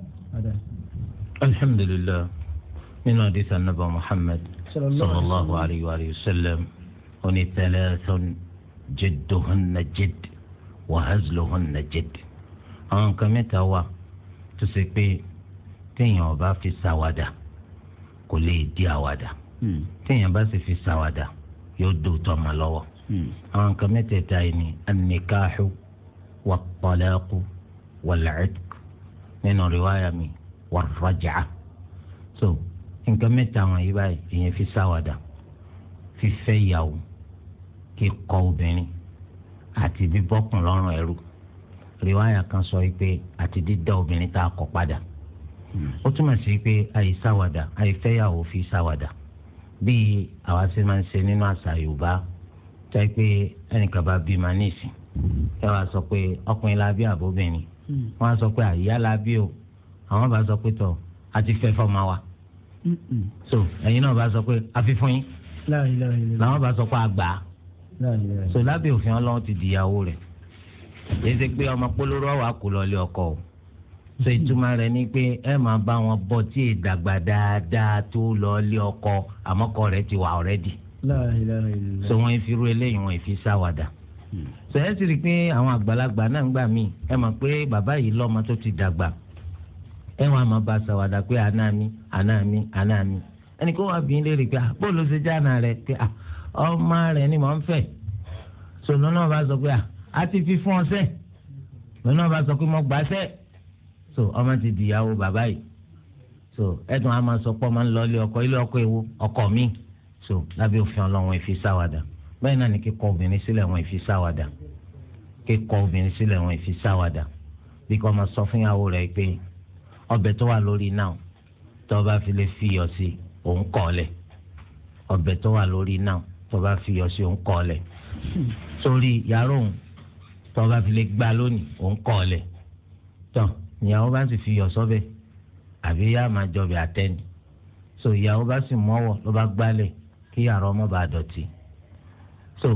alhamdulilayi nínú àdìsá nàbà muhammed sallallahu alayhi wa sallam oní tẹlẹ sọ jidduhunna jidd wa hazluhunna jidd. àwọn nǹkan mẹ́ta wà tó ṣe pé téèyàn ò bá fi ṣàwàdà kò lè di àwàdà hmm. téèyàn bá sì fi ṣàwàdà yóò dò tọmọ lọ́wọ́ hmm. àwọn nǹkan mẹ́tẹ̀ẹ̀ta yìí ni anìkáhù wàtọ́lẹ́kù wàlẹ́ẹ̀k nínú rìwáyà mi wàrọ̀jà so nǹkan mẹ́ta wọn yìí báyìí ìyẹn fi ṣàwàdà fífẹ́ ìyàwó kíkọ obìnrin àti bíbọ́kùn lọ́rùn ẹrú riwaya kan sọ pé àti dídá obìnrin tá a kọ̀ padà ó túmọ̀ sí pé àìsáwàdà àìfẹ́yàwó fi sáwàdà bíi àwa ṣe máa ń ṣe nínú àṣà yorùbá tá a pé ẹnìkan bá bímọ níìsín ẹ wàá sọ pé ọkùnrin la bí àbóbìnrin wọn á sọ pé àyíyá la o àwọn bá sọ pé tọ a ti fẹ́ fọ́ ma wa so ẹ̀yin náà bá sọ pé a fi fún yín làwọn bá sọ pé a gbà á so lábẹ́ òfin ọlọ́run ti dìyàwó rẹ̀ èyí ṣe pé ọmọ polówó wà kú lọlé ọkọ o so ìtumọ̀ rẹ ni pé ẹ máa bá wọn bọ́ tí ìdàgbà dáadáa tó lọlé ọkọ àmọ́kọ rẹ ti wà ọ̀rẹ́dì so wọ́n fi ru eléyìí wọ́n fi sáwàdà hmm. so ẹ sì rí i pé àwọn àgbàlagbà náà ń gbà mí ẹ mọ̀ pé bàbá yìí lọ́mọ tó ti dàgbà ẹ wọn àmọ́ bá sáwàdà pé àná mi àná mi àná mi ẹnì kó wà bí lè rí i pé ah, bóòlù ṣe jáàna rẹ pé ah, ọmọ rẹ ni mò ń fẹ́ so lọ́nà bá sọ pé ah a ti fi fún ọsẹ lọ́nà ọba sọ pé mo gbà á sẹ́ so ọmọ ti dìyàwó bàbá yìí so ẹ̀dùn á máa sọ pé ọmọ ń lọ ilé ọkọ ilé ọkọ èwo ọkọ mi so lábẹ́ òfin ọlọ́run ìfi sáwàdà bẹ́ẹ̀ náà ni kíkọ obìnrin sílẹ̀ wọn ìfi sáwàdà kíkọ obìnrin sílẹ̀ wọn ìfi sáwàdà bí kò máa sọ fún ìyàwó rẹ̀ pé ọbẹ̀ tó wà lórí náà tó bá fi lè fi iyọ̀ sí òun kọ̀ ọ́lẹ̀ ọbẹ̀ tó wà lórí náà tó bá fi iyọ̀ sí òun kọ̀ ọ́lẹ̀ sórí yàrá òun tọ́ba fi lè gbà lónìí òun kọ́ ọ lẹ̀ tán ìyàwó bá sì fi yọ̀ sọ́bẹ̀ àbí yá máa jọbẹ̀ àtẹ́ni so ìyàwó bá sì mọ́wọ́ ló bá gbálẹ̀ kí yàrá ọmọ bá dọ̀tí so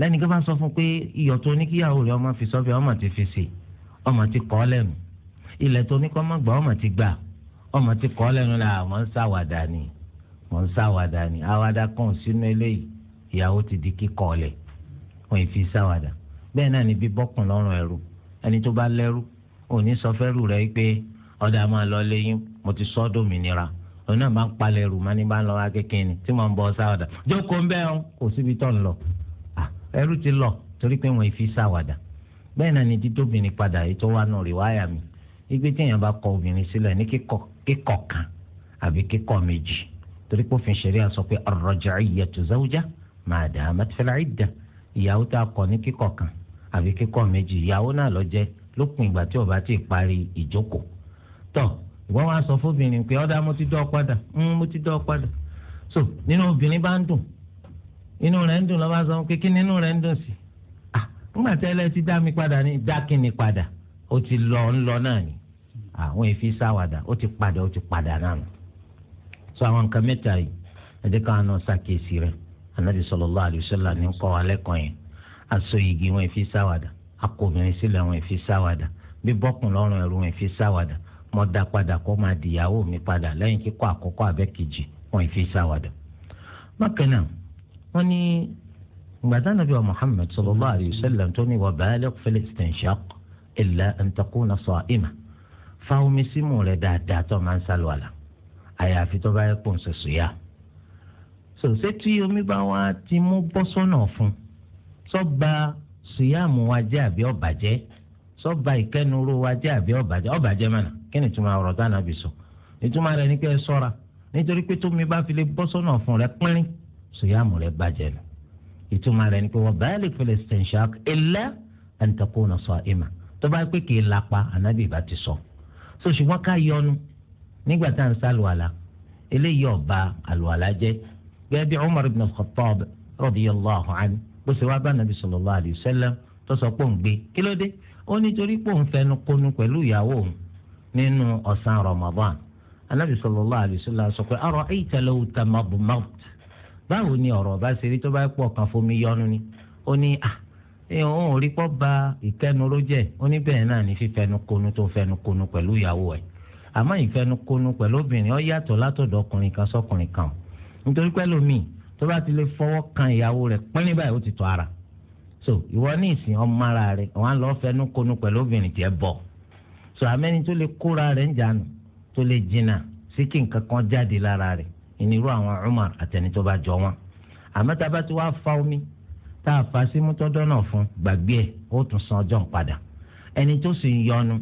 lẹ́ni kí wọ́n sọ fún pé iyọ̀ tó ní kíyàwó rẹ̀ ọmọ fi sọ́bẹ̀ ọmọ ti fi sè ọmọ ti kọ́ lẹ́nu ilẹ̀ tó ní kọ́ mọ́ gbà ọmọ ti gbà ọmọ ti kọ́ lẹ́nu la mọ̀ ń ṣàwàdà ni mọ̀ ń ṣàwàdà ni àwàdà kan sínú eléyìí ìyàwó ti di kíkọ́ lẹ̀ wọ́n ì bẹ́ẹ̀ náà ni bí bọ́kùn lọ́rùn ẹrú ẹni tó bá lẹ́rú òní sọ fẹ́rù rẹ̀ pé ọ̀dà máa lọ lẹ́yìn mo ti sọ ọ́dọ̀ mi nira òun náà máa ń palẹ̀ ẹrù máa ní bá ń lọ wá kékeré ni tí mo ń bọ́ sáwàdà jókòó ń bẹ́ẹ̀ kò síbi tó ń lọ ẹrú ti lọ torí pé wọ́n fi sáwàdà bẹ́ẹ̀ náà ni títóbìnrin padà yìí tó wà nù rí wáyà mi igbe tí èèyàn bá kọ obìnrin sílẹ̀ ní kíkọ̀ kan àbí kíkọ̀ méjì torí pé òfin ṣẹ̀ríà sọ pé ar-raj'iyyatu zawja ma damat fil-'idda ìyàwó tá a kọ ní kíkọ̀ kan àbí kíkọ méjì ìyàwó náà lọ jẹ lópin ìgbà tí ọba ti parí ìjókòó tọ ìwọ wá sọ fóbìnrin pé ọdà mo ti dọọ padà mm, mo ti dọọ padà so nínú obìnrin bá ń dùn inú rẹ ń dùn lọ́ba sọ pé kí nínú rẹ ń dùn sí ah tí padà ní padà ó ti lọ ń náà ni àwọn sáwàdà ó ti padà ó ti padà náà àwọn nǹkan mẹ́ta yìí ṣàkíyèsí anabi àsoyìgì wọn fi sáwàdà akọbìnrin sílẹ̀ wọn fi sáwàdà bíbọ́kùn lọ́rùn ẹrú wọn fi sáwàdà mo dá padà kó máa dìyàwó mi padà lẹ́yìn kíkọ́ àkọ́kọ́ abẹ́kejì wọn fi sáwàdà. bákan náà wọn ní gbàdá nàbí wa Muhammad sallallahu alayhi wa sallam tó ní wa baligh fil istinshaq illa an takuna sa'ima fa omi símù rẹ̀ dáadáa tó máa ń sálùwàlà àyàfi tó bá yẹ kó ń sọ̀sọ̀ yá. sòsẹ́tì omi bá wá ti mú bọ́sọ́nà fún un sọ́ba síyàmù wa jẹ́ àbí ọ̀bàjẹ́ sọ́ba ìkẹnuró wa jẹ́ àbí ọ̀bàjẹ́ ọ̀bàjẹ́ mọ̀nà kí ni ìtumọ̀ ọ̀rọ̀ dáná bí sọ ìtumọ̀ rẹ̀ ní kẹ́ ẹ sọ́ra nítorí pé tómi bá fi lè bọ́ sọ́nà ọ̀fun rẹ̀ pínrín síyàmù rẹ̀ bàjẹ́ nù ìtumọ̀ rẹ̀ ní pé wọ́n báyà lè fẹlẹ̀ ṣẹ̀ṣẹ̀ ilẹ̀ ẹ̀ńtẹ̀kùnà sọ ìmà tó bá pé kì í lapa bá ti sọ so ṣùgbọ́n ká yọnu nígbà tá à ń sá àlùwàlà eléyìí ọ̀ba àlùwàlà jẹ́ gẹ́gẹ́ bí Umar ibn al-Khattab radiyallahu anhu bó ṣe wá bá nàbí sallallahu alayhi sallam tó sọ pé òun gbé kí ló dé ó nítorí pé òun fẹnu kónú pẹ̀lú ìyàwó òun nínú ọ̀sán Ramadan anabi sallallahu alayhi wa sallam sọ pé ara'ayta law tamaḍmaḍt báwo ni ọ̀rọ̀ bá ṣe rí tó bá pọ̀ kan fomi yọnu ni ó ní à ah, èèyàn òun ò rí pọ́ ba ìkẹnuró jẹ́ ó ní bẹ́ẹ̀ náà ní fífẹnukonu tó fẹnukonu pẹ̀lú ìyàwó ẹ̀ àmọ́ ìfẹnukonu pẹ̀lú obìnrin ó yàtọ̀ látọ̀dọ̀ ọkùnrin kan sọ́kùnrin kan nítorí pẹ́lú míì tó bá ti lè fọwọ́ kan ìyàwó rẹ̀ pínlẹ̀ báyìí ó ti tọ́ ara so ìwọ ní ìsìn ọmọ ara rẹ̀ wọn lọ fẹnu konu pẹ̀lú obìnrin tiẹ̀ bọ̀ so àmẹ́ni tó lè kóra rẹ̀ ń jànú tó lè jìnnà sí kí nǹkan kan jáde lára rẹ̀ ìnirú àwọn Umar àtẹni tó bá jọ wọn àmọ́ tá a bá ti wá fa omi tá a fa sí mútọ́dọ́ náà fún gbàgbé ẹ̀ ó tún san ọjọ́ ń padà ẹni tó sì ń yọnu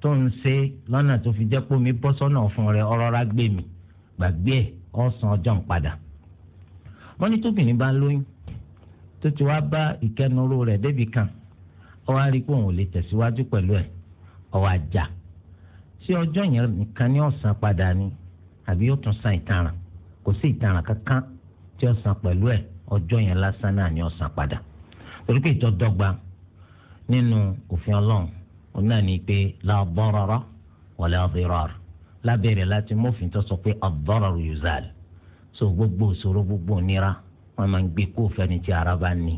tó ń ṣe lọ́nà tó fi jẹ́ pómi bọ́sọ́nà fún rẹ̀ ọ̀rọ̀ rá gbàgbé ẹ̀ ó san ọjọ́ ń padà wọ́n ní tóbìnrin bá lóyún tó ti wá bá ìkẹnuró rẹ̀ débi kan ó wá rí i pé òun ò lè tẹ̀síwájú pẹ̀lú ẹ̀ ó wá ṣé ọjọ́ yẹn nìkan ni ó san padà ni àbí ó tún san ìtanràn kò sí ìtanràn kankan tí ó san pẹ̀lú ẹ̀ ọjọ́ yẹn lásán náà ni ó san padà torí pé ìtọ́dọ́gba nínú òfin ọlọ́run òun náà ni pé la darara wala dirar lábẹ́rẹ̀ láti mọ́fin tó sọ pé ad-dararu yuzal so gbogbo òṣòro gbogbo ònira wọn máa ń gbé kó fẹni tí ara bá ní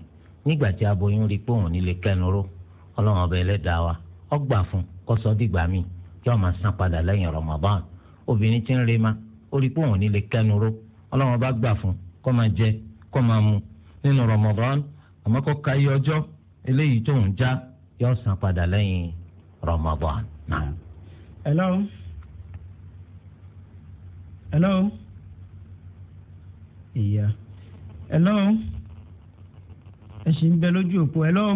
nígbà tí aboyún rí pé òun nílé kẹnuró ọlọ́run ọba ẹlẹ́dàá wa ó gbà fún kọ́sọ́ dìgbà míì yóò máa san padà lẹ́yìn Ramadan obìnrin tí ń re ma ó rí pé òun nílé kẹnuró ọlọ́run ọba gbà fún kó máa jẹ kó máa mu nínú Ramadan àmọ́ kó ka iye ọjọ́ eléyìí tó ń já yóò san padà lẹ́yìn Ramadan náà. hello hello ìyá hello ẹ sì ń bẹ lójú òpó hello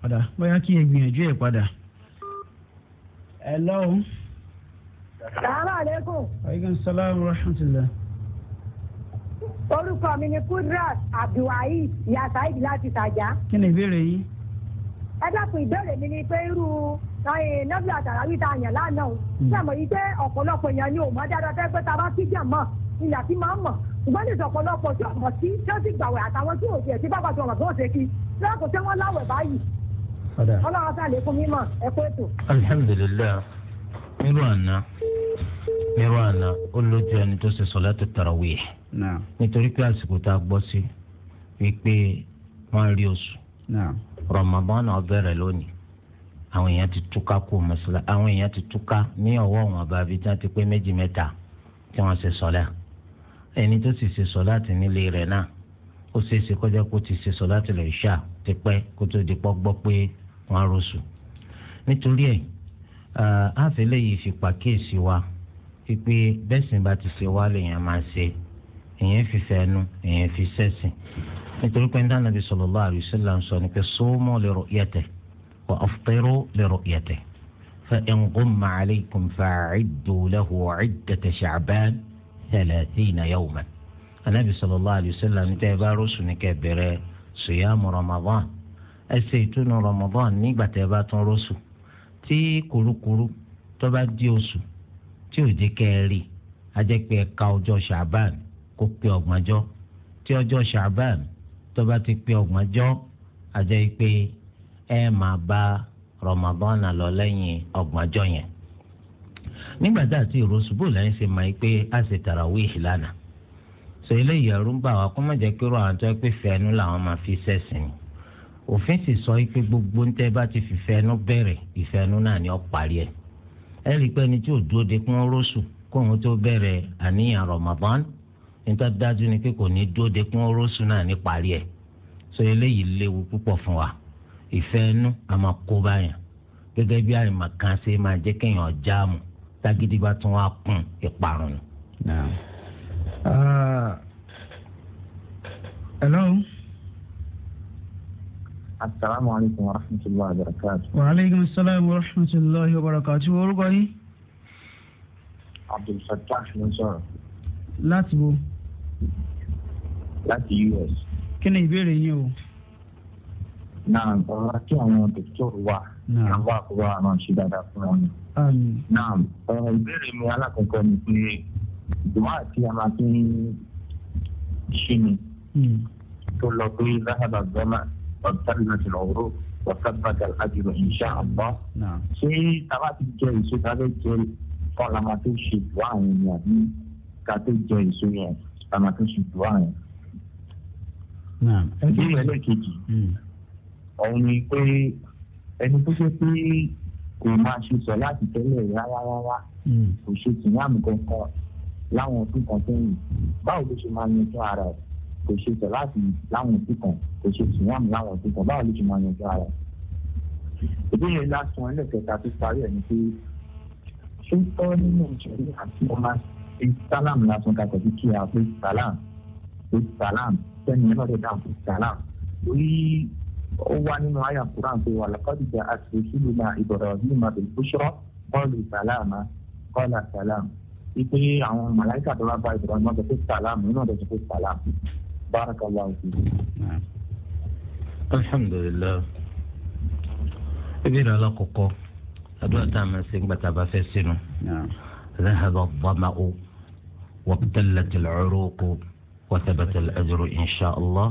padà bóyá kí n gbìyànjú ẹ padà hello. Assalamu alaikum. aleykum salaam wa rahmatulah. orúkọ mi ni Kudrat Abdulwahi yasa ibi láti sàjà. kí ni ìbéèrè yìí. ẹ dákun ìbéèrè mi ni pé irú nọ́bìlì àtàràwí tá a yàn lánàá o. sẹ́mo hmm. yìí pé ọ̀pọ̀lọpọ̀ èèyàn ni òun mọ́ dáadáa fẹ́ pé ta bá kíjà mọ́ ilẹ̀ àti máa ń mọ̀ ṣùgbọ́n ní ìṣọ̀pọ̀lọpọ̀ tí ọ̀pọ̀ tí tí ó sì gbàwẹ̀ àtàwọn tí òjì ẹ̀sìn bàbá tó ọ̀rọ̀ tó ṣe kí lọ́kùn tí wọ́n láwẹ̀ báyìí ọlọ́run sá lè fún mímọ̀ ẹ kó ètò. alhamdulilayi nírú àná nírú àná ó lójú ẹni tó ṣe sọ̀látù tarawih nítorí pé àsìkò tá a gbọ́ sí wípé wọ́n rí oṣù Ramadan náà bẹ̀rẹ̀ lónìí àwọn èèyàn ti túká kó mọ́sálá àwọn èèyàn ti túká ní ọwọ́ wọn bá bí tí wọ́n ti pé méjì mẹ́ta tí wọ́n ṣe sọ̀lá ẹni tó sì ṣe sọ láti nílé rẹ̀ náà ó ṣe é ṣe kọjá kó ti ṣe sọ láti lọ ìṣá ti pẹ́ kó tó di pọ́ gbọ́ pé wọ́n á rọṣù nítorí ẹ̀ àfẹ́lẹ́ yìí fi pàkíyèsí wa pípé bẹ́sìn bá ti ṣe wá lèèyàn máa ṣe èèyàn fi fẹ́nu èèyàn fi sẹ́sìn nítorí pé níta nàbí sallallahu alaihi wasallam ń sọ ni pé sumu li ru'yatihi wa aftiru li ru'yatihi fa in ghumma alaykum fa'iddu lahu iddata sha'ban thalathina yawman anabi sallallahu alayhi wa sallam tẹ́ ẹ bá rọ́ọ̀sù ní kẹ́ bẹ̀rẹ̀ sùyàmù ramadan ẹ ṣe ìtúnu ramadan nígbà tẹ́ ẹ bá tún rọ́ọ̀sù tí kurukuru tó bá di oṣù tí ò jẹ́ kẹ́ ẹ rí a jẹ́ pé ẹ ka ọjọ́ ṣàbàn kó pé ọgbọ̀njọ́ tí ọjọ́ ṣàbàn tó bá ti pé ọgbọ̀njọ́ a jẹ́ pé ẹ máa bá ramadan lọ lẹ́yìn ọgbọ̀njọ́ yẹn nígbà tá a ti rò ṣubú lẹ́yìn ṣe máa pé a ṣe tarawih lánàá sọ eléyìí ẹ̀rù ń bà wá kó má jẹ́ pé rọ̀ àwọn tó pé fẹ́ẹ́nu làwọn máa fi ṣẹ̀sìn òfin sì sọ pé gbogbo ń tẹ́ bá ti fi fẹ́ẹ́nu bẹ̀rẹ̀ ìfẹ́ẹ́nu náà ni ó parí ẹ̀ ẹ rí i pé ẹni tí ò dúró de kún róṣù kó òun tó bẹ̀rẹ̀ àníyàn Ramadan nítorí dájú ni pé kò ní dúró de kún róṣù náà ní parí ẹ̀ sọ eléyìí léwu púpọ̀ fún wa ìfẹ́ẹ́nu a máa kó báyà gẹ́gẹ́ bí àìmọ̀kan ṣe máa jẹ́ kéèyàn jáàmù tagidi bá tún wá kún ìparun. Ah, hello. asalaamualeykum wa rahmatulahi wa barakatu. wa aleykum salaam wa rahmatulahi wa barakatu. orúkọ yín. abdulfatah ló ń sọ̀rọ̀. láti wo. láti us. kí ni ìbéèrè yín o. náà ọ̀rọ̀ tí àwọn dókítà wà àwọn àkùrọ̀ àrùn ṣe dáadáa fún wọn. náà ọ̀rọ̀ ìbéèrè mi alákọ̀ọ́kọ́ ni pé ìdùnnú àti àmàkí ṣe ni tó lọ pé láhàbà gbọ́mà ọ̀tàbí náà ti lọ rò ọ̀tàbàtà àjùlọ ìṣe àbọ̀. ṣé tábà ti jẹ èso tábà jẹ ọ̀làmà tó ṣe dùn àwọn ènìyàn ní ká tó jẹ èso yẹn ọ̀làmà tó ṣe dùn àwọn. ìbéèrè ẹlẹ́kejì ọ̀hún ni pé ẹni tó ṣe pé kò máa ṣe sọ láti tẹ́lẹ̀ rárá rárá hmm. kò ṣe tìyàmù kankan láwọn ọdún kan sẹ́yìn báwo ló ṣe máa yanjú ara ẹ̀ kò ṣe sọ láti láwọn ọdún kan kò ṣe tìyàmù láwọn ọdún kan báwo ló ṣe máa yanjú ara ẹ̀. ìbéèrè lásán ẹlẹ́kẹta tó parí ẹ̀ ni pé ṣé tọ́ nínú ìṣẹ̀lẹ̀ àti ọmọ salam lásán kakọ̀ sí kí a pé salam pé salam sẹ́ni ẹ̀ ó wá nínú àyà Qur'an pé wà lọ́kọ́dì jẹ́ àṣìṣúlù náà Ibrahim bil-bushra qalu sàlámà qala sàlám ipe àwọn màláìkà tó bá bá Ibrahim ọ̀dọ̀ pé sàlám iná ọ̀dọ̀ pé sàlám barakallahu fi. alhamdulilayi ìbéèrè alákọ̀ọ́kọ́ àdúrà tá a máa ṣe gbàtà bá fẹ́ sínú. ذهب الظمأ وابتلت العروق وثبت الأجر إن شاء الله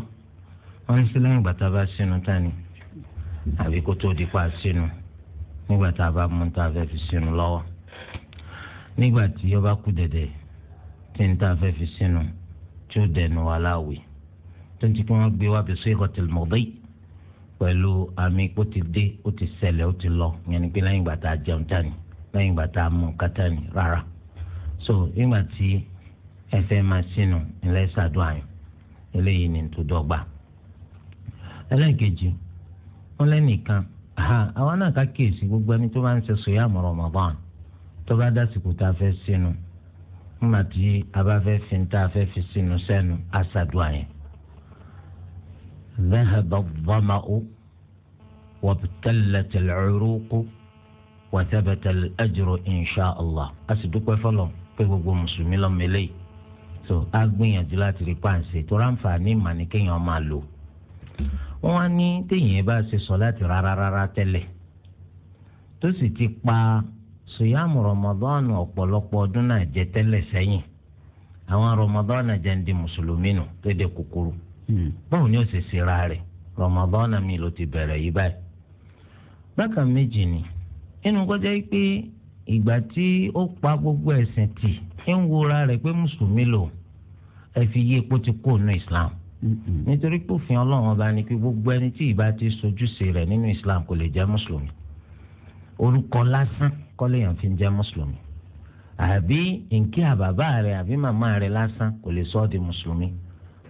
wọ́n ń sí lẹ́yìn ìgbà tá a bá sínú tani àbí kó tó di pa sínú nígbà tá a bá mú tá a fẹ́ fi sínú lọ́wọ́ nígbà tí ó bá kú dẹ̀dẹ̀ tí n tá a fẹ́ fi sínú tí ó dẹnu wa láwì tó ń ti kí wọ́n gbé wá bí sóyè hotel pẹ̀lú àmì kó ti dé ó ti ṣẹlẹ̀ ó ti lọ yẹn ni pé lẹ́yìn ìgbà tá a jẹun tani lẹ́yìn ìgbà mú kátà ni rárá so nígbà tí ẹ fẹ́ máa sínú ẹ lẹ́sàdúrà yẹn eléyìí ni tó dọ́gba. ẹlẹ́ẹ̀kejì wọn lẹ́nìkan àwọn náà ká kíyèsí gbogbo ẹni tó bá ń ṣe sòyàmù Ramadan tó bá dásìkò tá a fẹ́ sínú nígbà tí a bá fẹ́ fi tá a fẹ́ fi sínú sẹ́nu àṣàdùn àyẹn. ذهب الظمأ وابتلت العروق وثبت الأجر إن شاء الله a sì gbogbo wọ́n á ní téèyàn bá ṣe sọ láti rárára rárá tẹ́lẹ̀ tó sì ti pa sùyàmù rọmọdọ́ọ̀nù ọ̀pọ̀lọpọ̀ ọdún náà jẹ tẹ́lẹ̀ sẹ́yìn àwọn rọmọdọ́ọ̀nù jẹ́ ń di mùsùlùmí nù tó de kúkúrú hmm. báwo ni ó ṣe ṣe ra rẹ̀ rọmọdọ́ọ̀nù mi ló ti bẹ̀rẹ̀ gbogbo ẹ̀sìn tì ń rẹ̀ pé mùsùlùmí lò ẹ fi yí Islam nítorí pé òfin ọlọ́run ọba ni pé gbogbo ẹni tí ìbá ti sojúṣe rẹ̀ nínú islam kò lè jẹ́ mùsùlùmí orúkọ lásán kọ́ lèèyàn fi ń jẹ́ mùsùlùmí àbí nkí àbàbà rẹ̀ àbí màmá rẹ̀ lásán kò lè sọ ọ́ di mùsùlùmí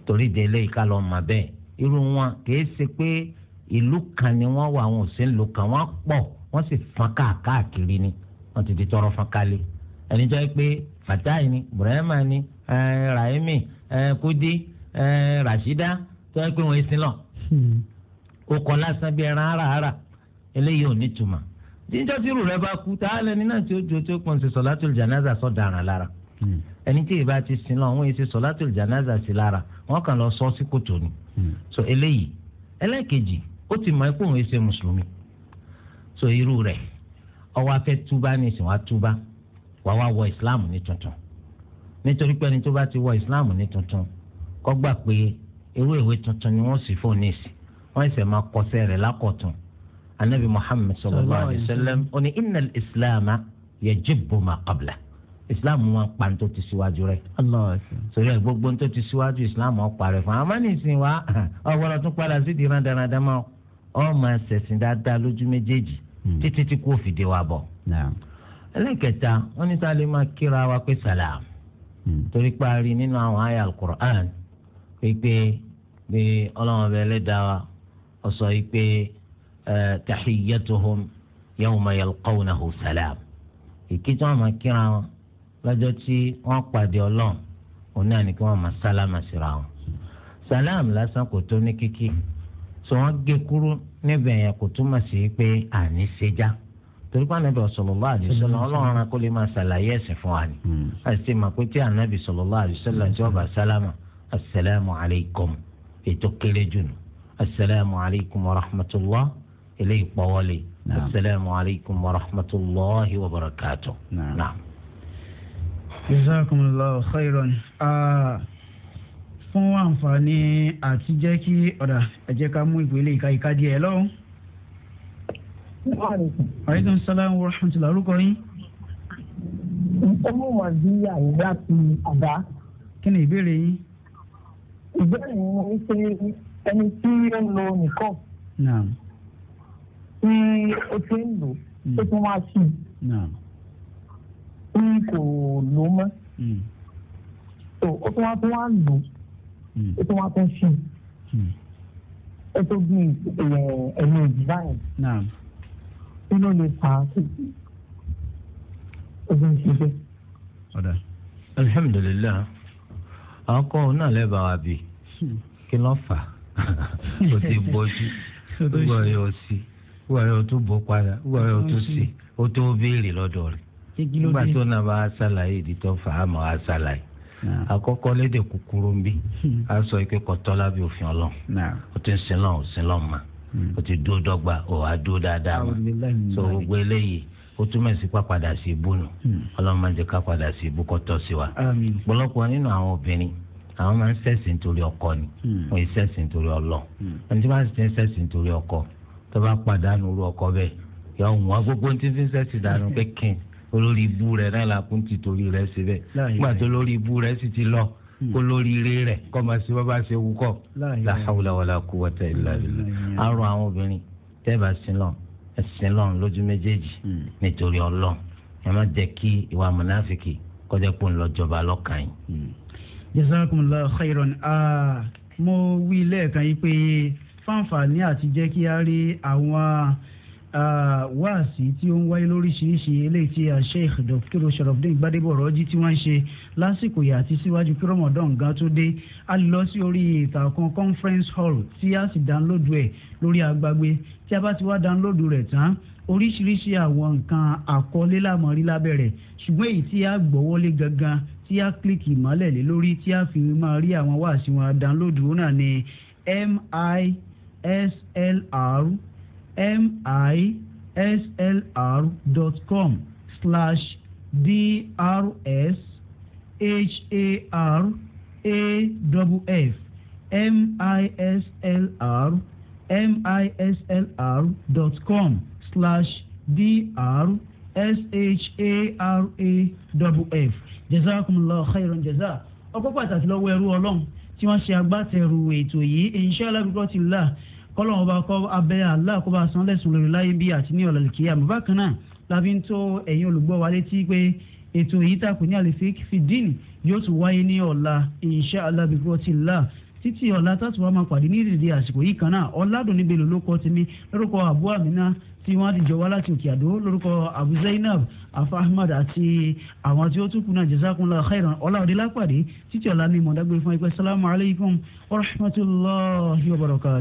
torí délé ìka lọ mà bẹ́ẹ̀ irú wọn kìí ṣe pé ìlú kan ni wọ́n wà wọn ò sí ìlú kan wọ́n pọ̀ wọ́n sì fọ́n káàkiri ni wọ́n ti di tọrọ fọ́n kálí ẹnìjọ́ pé Fatai ni Burema ni eh, Raimi eh, Kudi Rashida tó yẹ pé wọn èsì lọ ara, hmm. kọ lásán bí ẹran eléyìí ò ní tuma jíjọ tí irú rẹ bá kú tá a lẹni náà tí ó ju tí ó pọn sí sọ̀látùl jánásà sọ dáràn lára hmm. ẹni tí ìbá ti sin lọ àwọn èsì sọ̀látùl sí lára wọn kàn lọ sọ sí ni hmm. so eléyìí ẹlẹ́ẹ̀kejì ó ti mọ̀ òun mùsùlùmí so irú rẹ, ọwọ́ afẹ́ túbá ní ìsìn wọ ìsìláàmù ní tuntun nítorí kó gbà pé ewé ìwé tuntun ni wọ́n sì fò ní ìsìn wọ́n ẹsẹ̀ máa kọsẹ̀ rẹ̀ lákọ̀tún anabi muhammed sallallahu alayhi wa sallam ó ní innal islama yajibbu ma qabla islam wọn pa ní tó ti síwájú rẹ̀ sórí ẹ gbogbo ní tó ti síwájú islam wọn parẹ́ fún amá nìsín wa ọgbọ́dọ̀ tún padà sí di rán dáradára mọ́ ọ máa ṣẹ̀sìn dáadáa lójú méjèèjì hmm. títí tí kò fìdí wa bọ̀ ẹlẹ́kẹta wọ́n ní sáà lè máa kíra wa pé sàlám hmm. torí parí nínú àwọn àyà al-Qur'an pípé bí ọlọ́run ọbẹ̀ ẹlẹ́dàá wa ó sọ yìí pé tahiyyatuhum yawma yalqawnahu salam ìkí tí wọ́n máa kíra wọn lọ́jọ́ tí wọ́n pàdé ọlọ́run òun náà ni kí wọ́n máa sálámà síra wọn salam lásán kò tó ní kíkí tí wọ́n gé kúrú níbẹ̀ yẹn kò túmọ̀ sí pé àní ṣẹjá torí pé anabi sallallahu alaihi wasallam ọlọ́run kó lè máa ṣàlàyé ẹ̀sìn fún wa ni àti ṣe máa pé tí anabi sallallahu tí wọ́n bá sálámà asalaamu alaykum ètò kéré jùlọ asalaamu alaykum wa rahmatulah eléyìí pọ́wọ́lé asalaamu alaykum wa rahmatulahi wa barakatu. jazakumullahu khairan fún àǹfààní àti jẹ́ kí ọ̀dà ẹ̀jẹ̀ ká mú ìpele ìka ìka díẹ̀ lọ́wọ́. aleykum salaam wa rahmatulah orúkọ yín. ọmọ wa bí àyè láti àdá. kí ni ìbéèrè yín ìbéèrè mi ni wípé ẹni tí ó ń lo nìkan tí ó ti ń lò hmm. ó tún wá sí i tí kò lò mọ́ tó hmm. ó tún wá tún wá lò hmm. ó tún wá tún sí i ó tó bí ẹ̀yìn ìjìbá kí ló lè fà á sí ogun ṣiṣẹ́. alhamdulilayi àwọn kan náà lẹ́bàá wa bíi kí ló fà ó ti bójú gbogbo ọ̀rẹ́ ò sí gbogbo ọ̀rẹ́ ò tún bó padà gbogbo ọ̀rẹ́ ò tún sí ó tó béèrè lọ́dọ̀ rẹ̀ nígbà tó náà bá ṣàlàyé ìdí tó fà á mọ̀ á ṣàlàyé ah. àkọ́kọ́ lédè kúkúrú ń bí hmm. a sọ pé kọ́tọ́lá bí òfin ọlọ́run ó ti ń sin lọ́run sin lọ́run mọ́ hmm. ó ti dúró dọ́gba ó wá dúró dáadáa mọ́ so gbogbo eléyìí ó túmọ̀ sí pa padà sí ibú nù hmm. ọlọ́run máa ń jẹ́ ká padà sí ibú kọ́tọ́ sí wa ọ̀pọ̀lọpọ̀ nínú àwọn obìnrin àwọn máa ń ṣẹ̀sìn torí ọkọ ni hmm. wọ́n yìí ṣẹ̀sìn torí ọlọ hmm. ẹni tí wọ́n ti ń ṣẹ̀sìn torí ọkọ tó bá pàdánù irú ọkọ bẹ́ẹ̀ yọ wọn gbogbo tí ń fi ṣẹ̀sìn dànù pé kín olórí ibú rẹ̀ náà la kún ti torí rẹ̀ síbẹ̀ nígbà tó lórí ibú rẹ̀ sì ti lọ kó hmm. lórí ilé rẹ̀ kọ́ máa ṣe bábá ṣe wúkọ́ la hawla wala quwwata illa billah àrùn àwọn obìnrin tẹ́ẹ̀bà sílọ̀ ẹ̀sìn lọ́n lójú méjèèjì nítorí ọlọ́n ẹ má jẹ́ kí ìwà mùnáfìkì kọjá pò ń lọ jọba lọ́kàn yìí jazakumullahu khairan mo wí lẹ́ẹ̀kan yìí pé fáǹfààní àti jẹ́ kí a rí àwọn wáàsí tí ó ń wáyé lóríṣiríṣi eléyìí tí Sheikh Dr. Sharafdin Gbadebo Rọ́jí tí wọ́n ń ṣe lásìkò yìí àti síwájú kí Ramadan gan tó dé a lọ sí orí ìtàkùn conference hall tí a sì dánlódù ẹ̀ lórí agbágbé tí a bá ti wá dánlódù rẹ̀ tán oríṣiríṣi àwọn nǹkan àkọlé lábẹ́rẹ̀ ṣùgbọ́n èyí tí a gbọ́ wọlé gangan tí a kílíkì mọ́lẹ̀ lé lórí tí a fi máa rí àwọn wáàsí wọn dánlódù náà ni mislr mislr dot com slash drs har awf mislr mislr dot com slash drs sharaff jazakumullahu khairan jaza ọpẹ́ pàtàkì lọ́wọ́ ẹrú ọlọ́run tí wọ́n ṣe agbátẹrù ètò yìí inshallah bíkọ́tì là kọ́lọ́wọ́n bá kọ́ abẹ́ àlá kó bá san lẹ́sùn lórí láyé bí àti ní ọ̀làlẹ̀ kìí àmì bákan náà láfi ń tó ẹ̀yin olùgbọ́ wa létí pé ètò yìí tàkùn ní àlè fìdíìnì yóò tún wáyé ní ọ̀la inshallah bíkọ́tì là títí ọ̀la tátù wa máa pàdé ní ìdìde àsìkò yìí kan náà ọ̀làdùn níbi lòlókọ tèmi lórúkọ àbú àmínà tí wọ́n á ti jọ wá láti òkè àdó lórúkọ àbú zainab afa ahmad àti àwọn tí ó tún kùnà jẹ́sàkúnlá khairan ọ̀làdùn lápàdé títí ọ̀la ni mọ̀dágbé fún ẹgbẹ́ sálámù alaykum wa rahmatulahi wa barakatuh.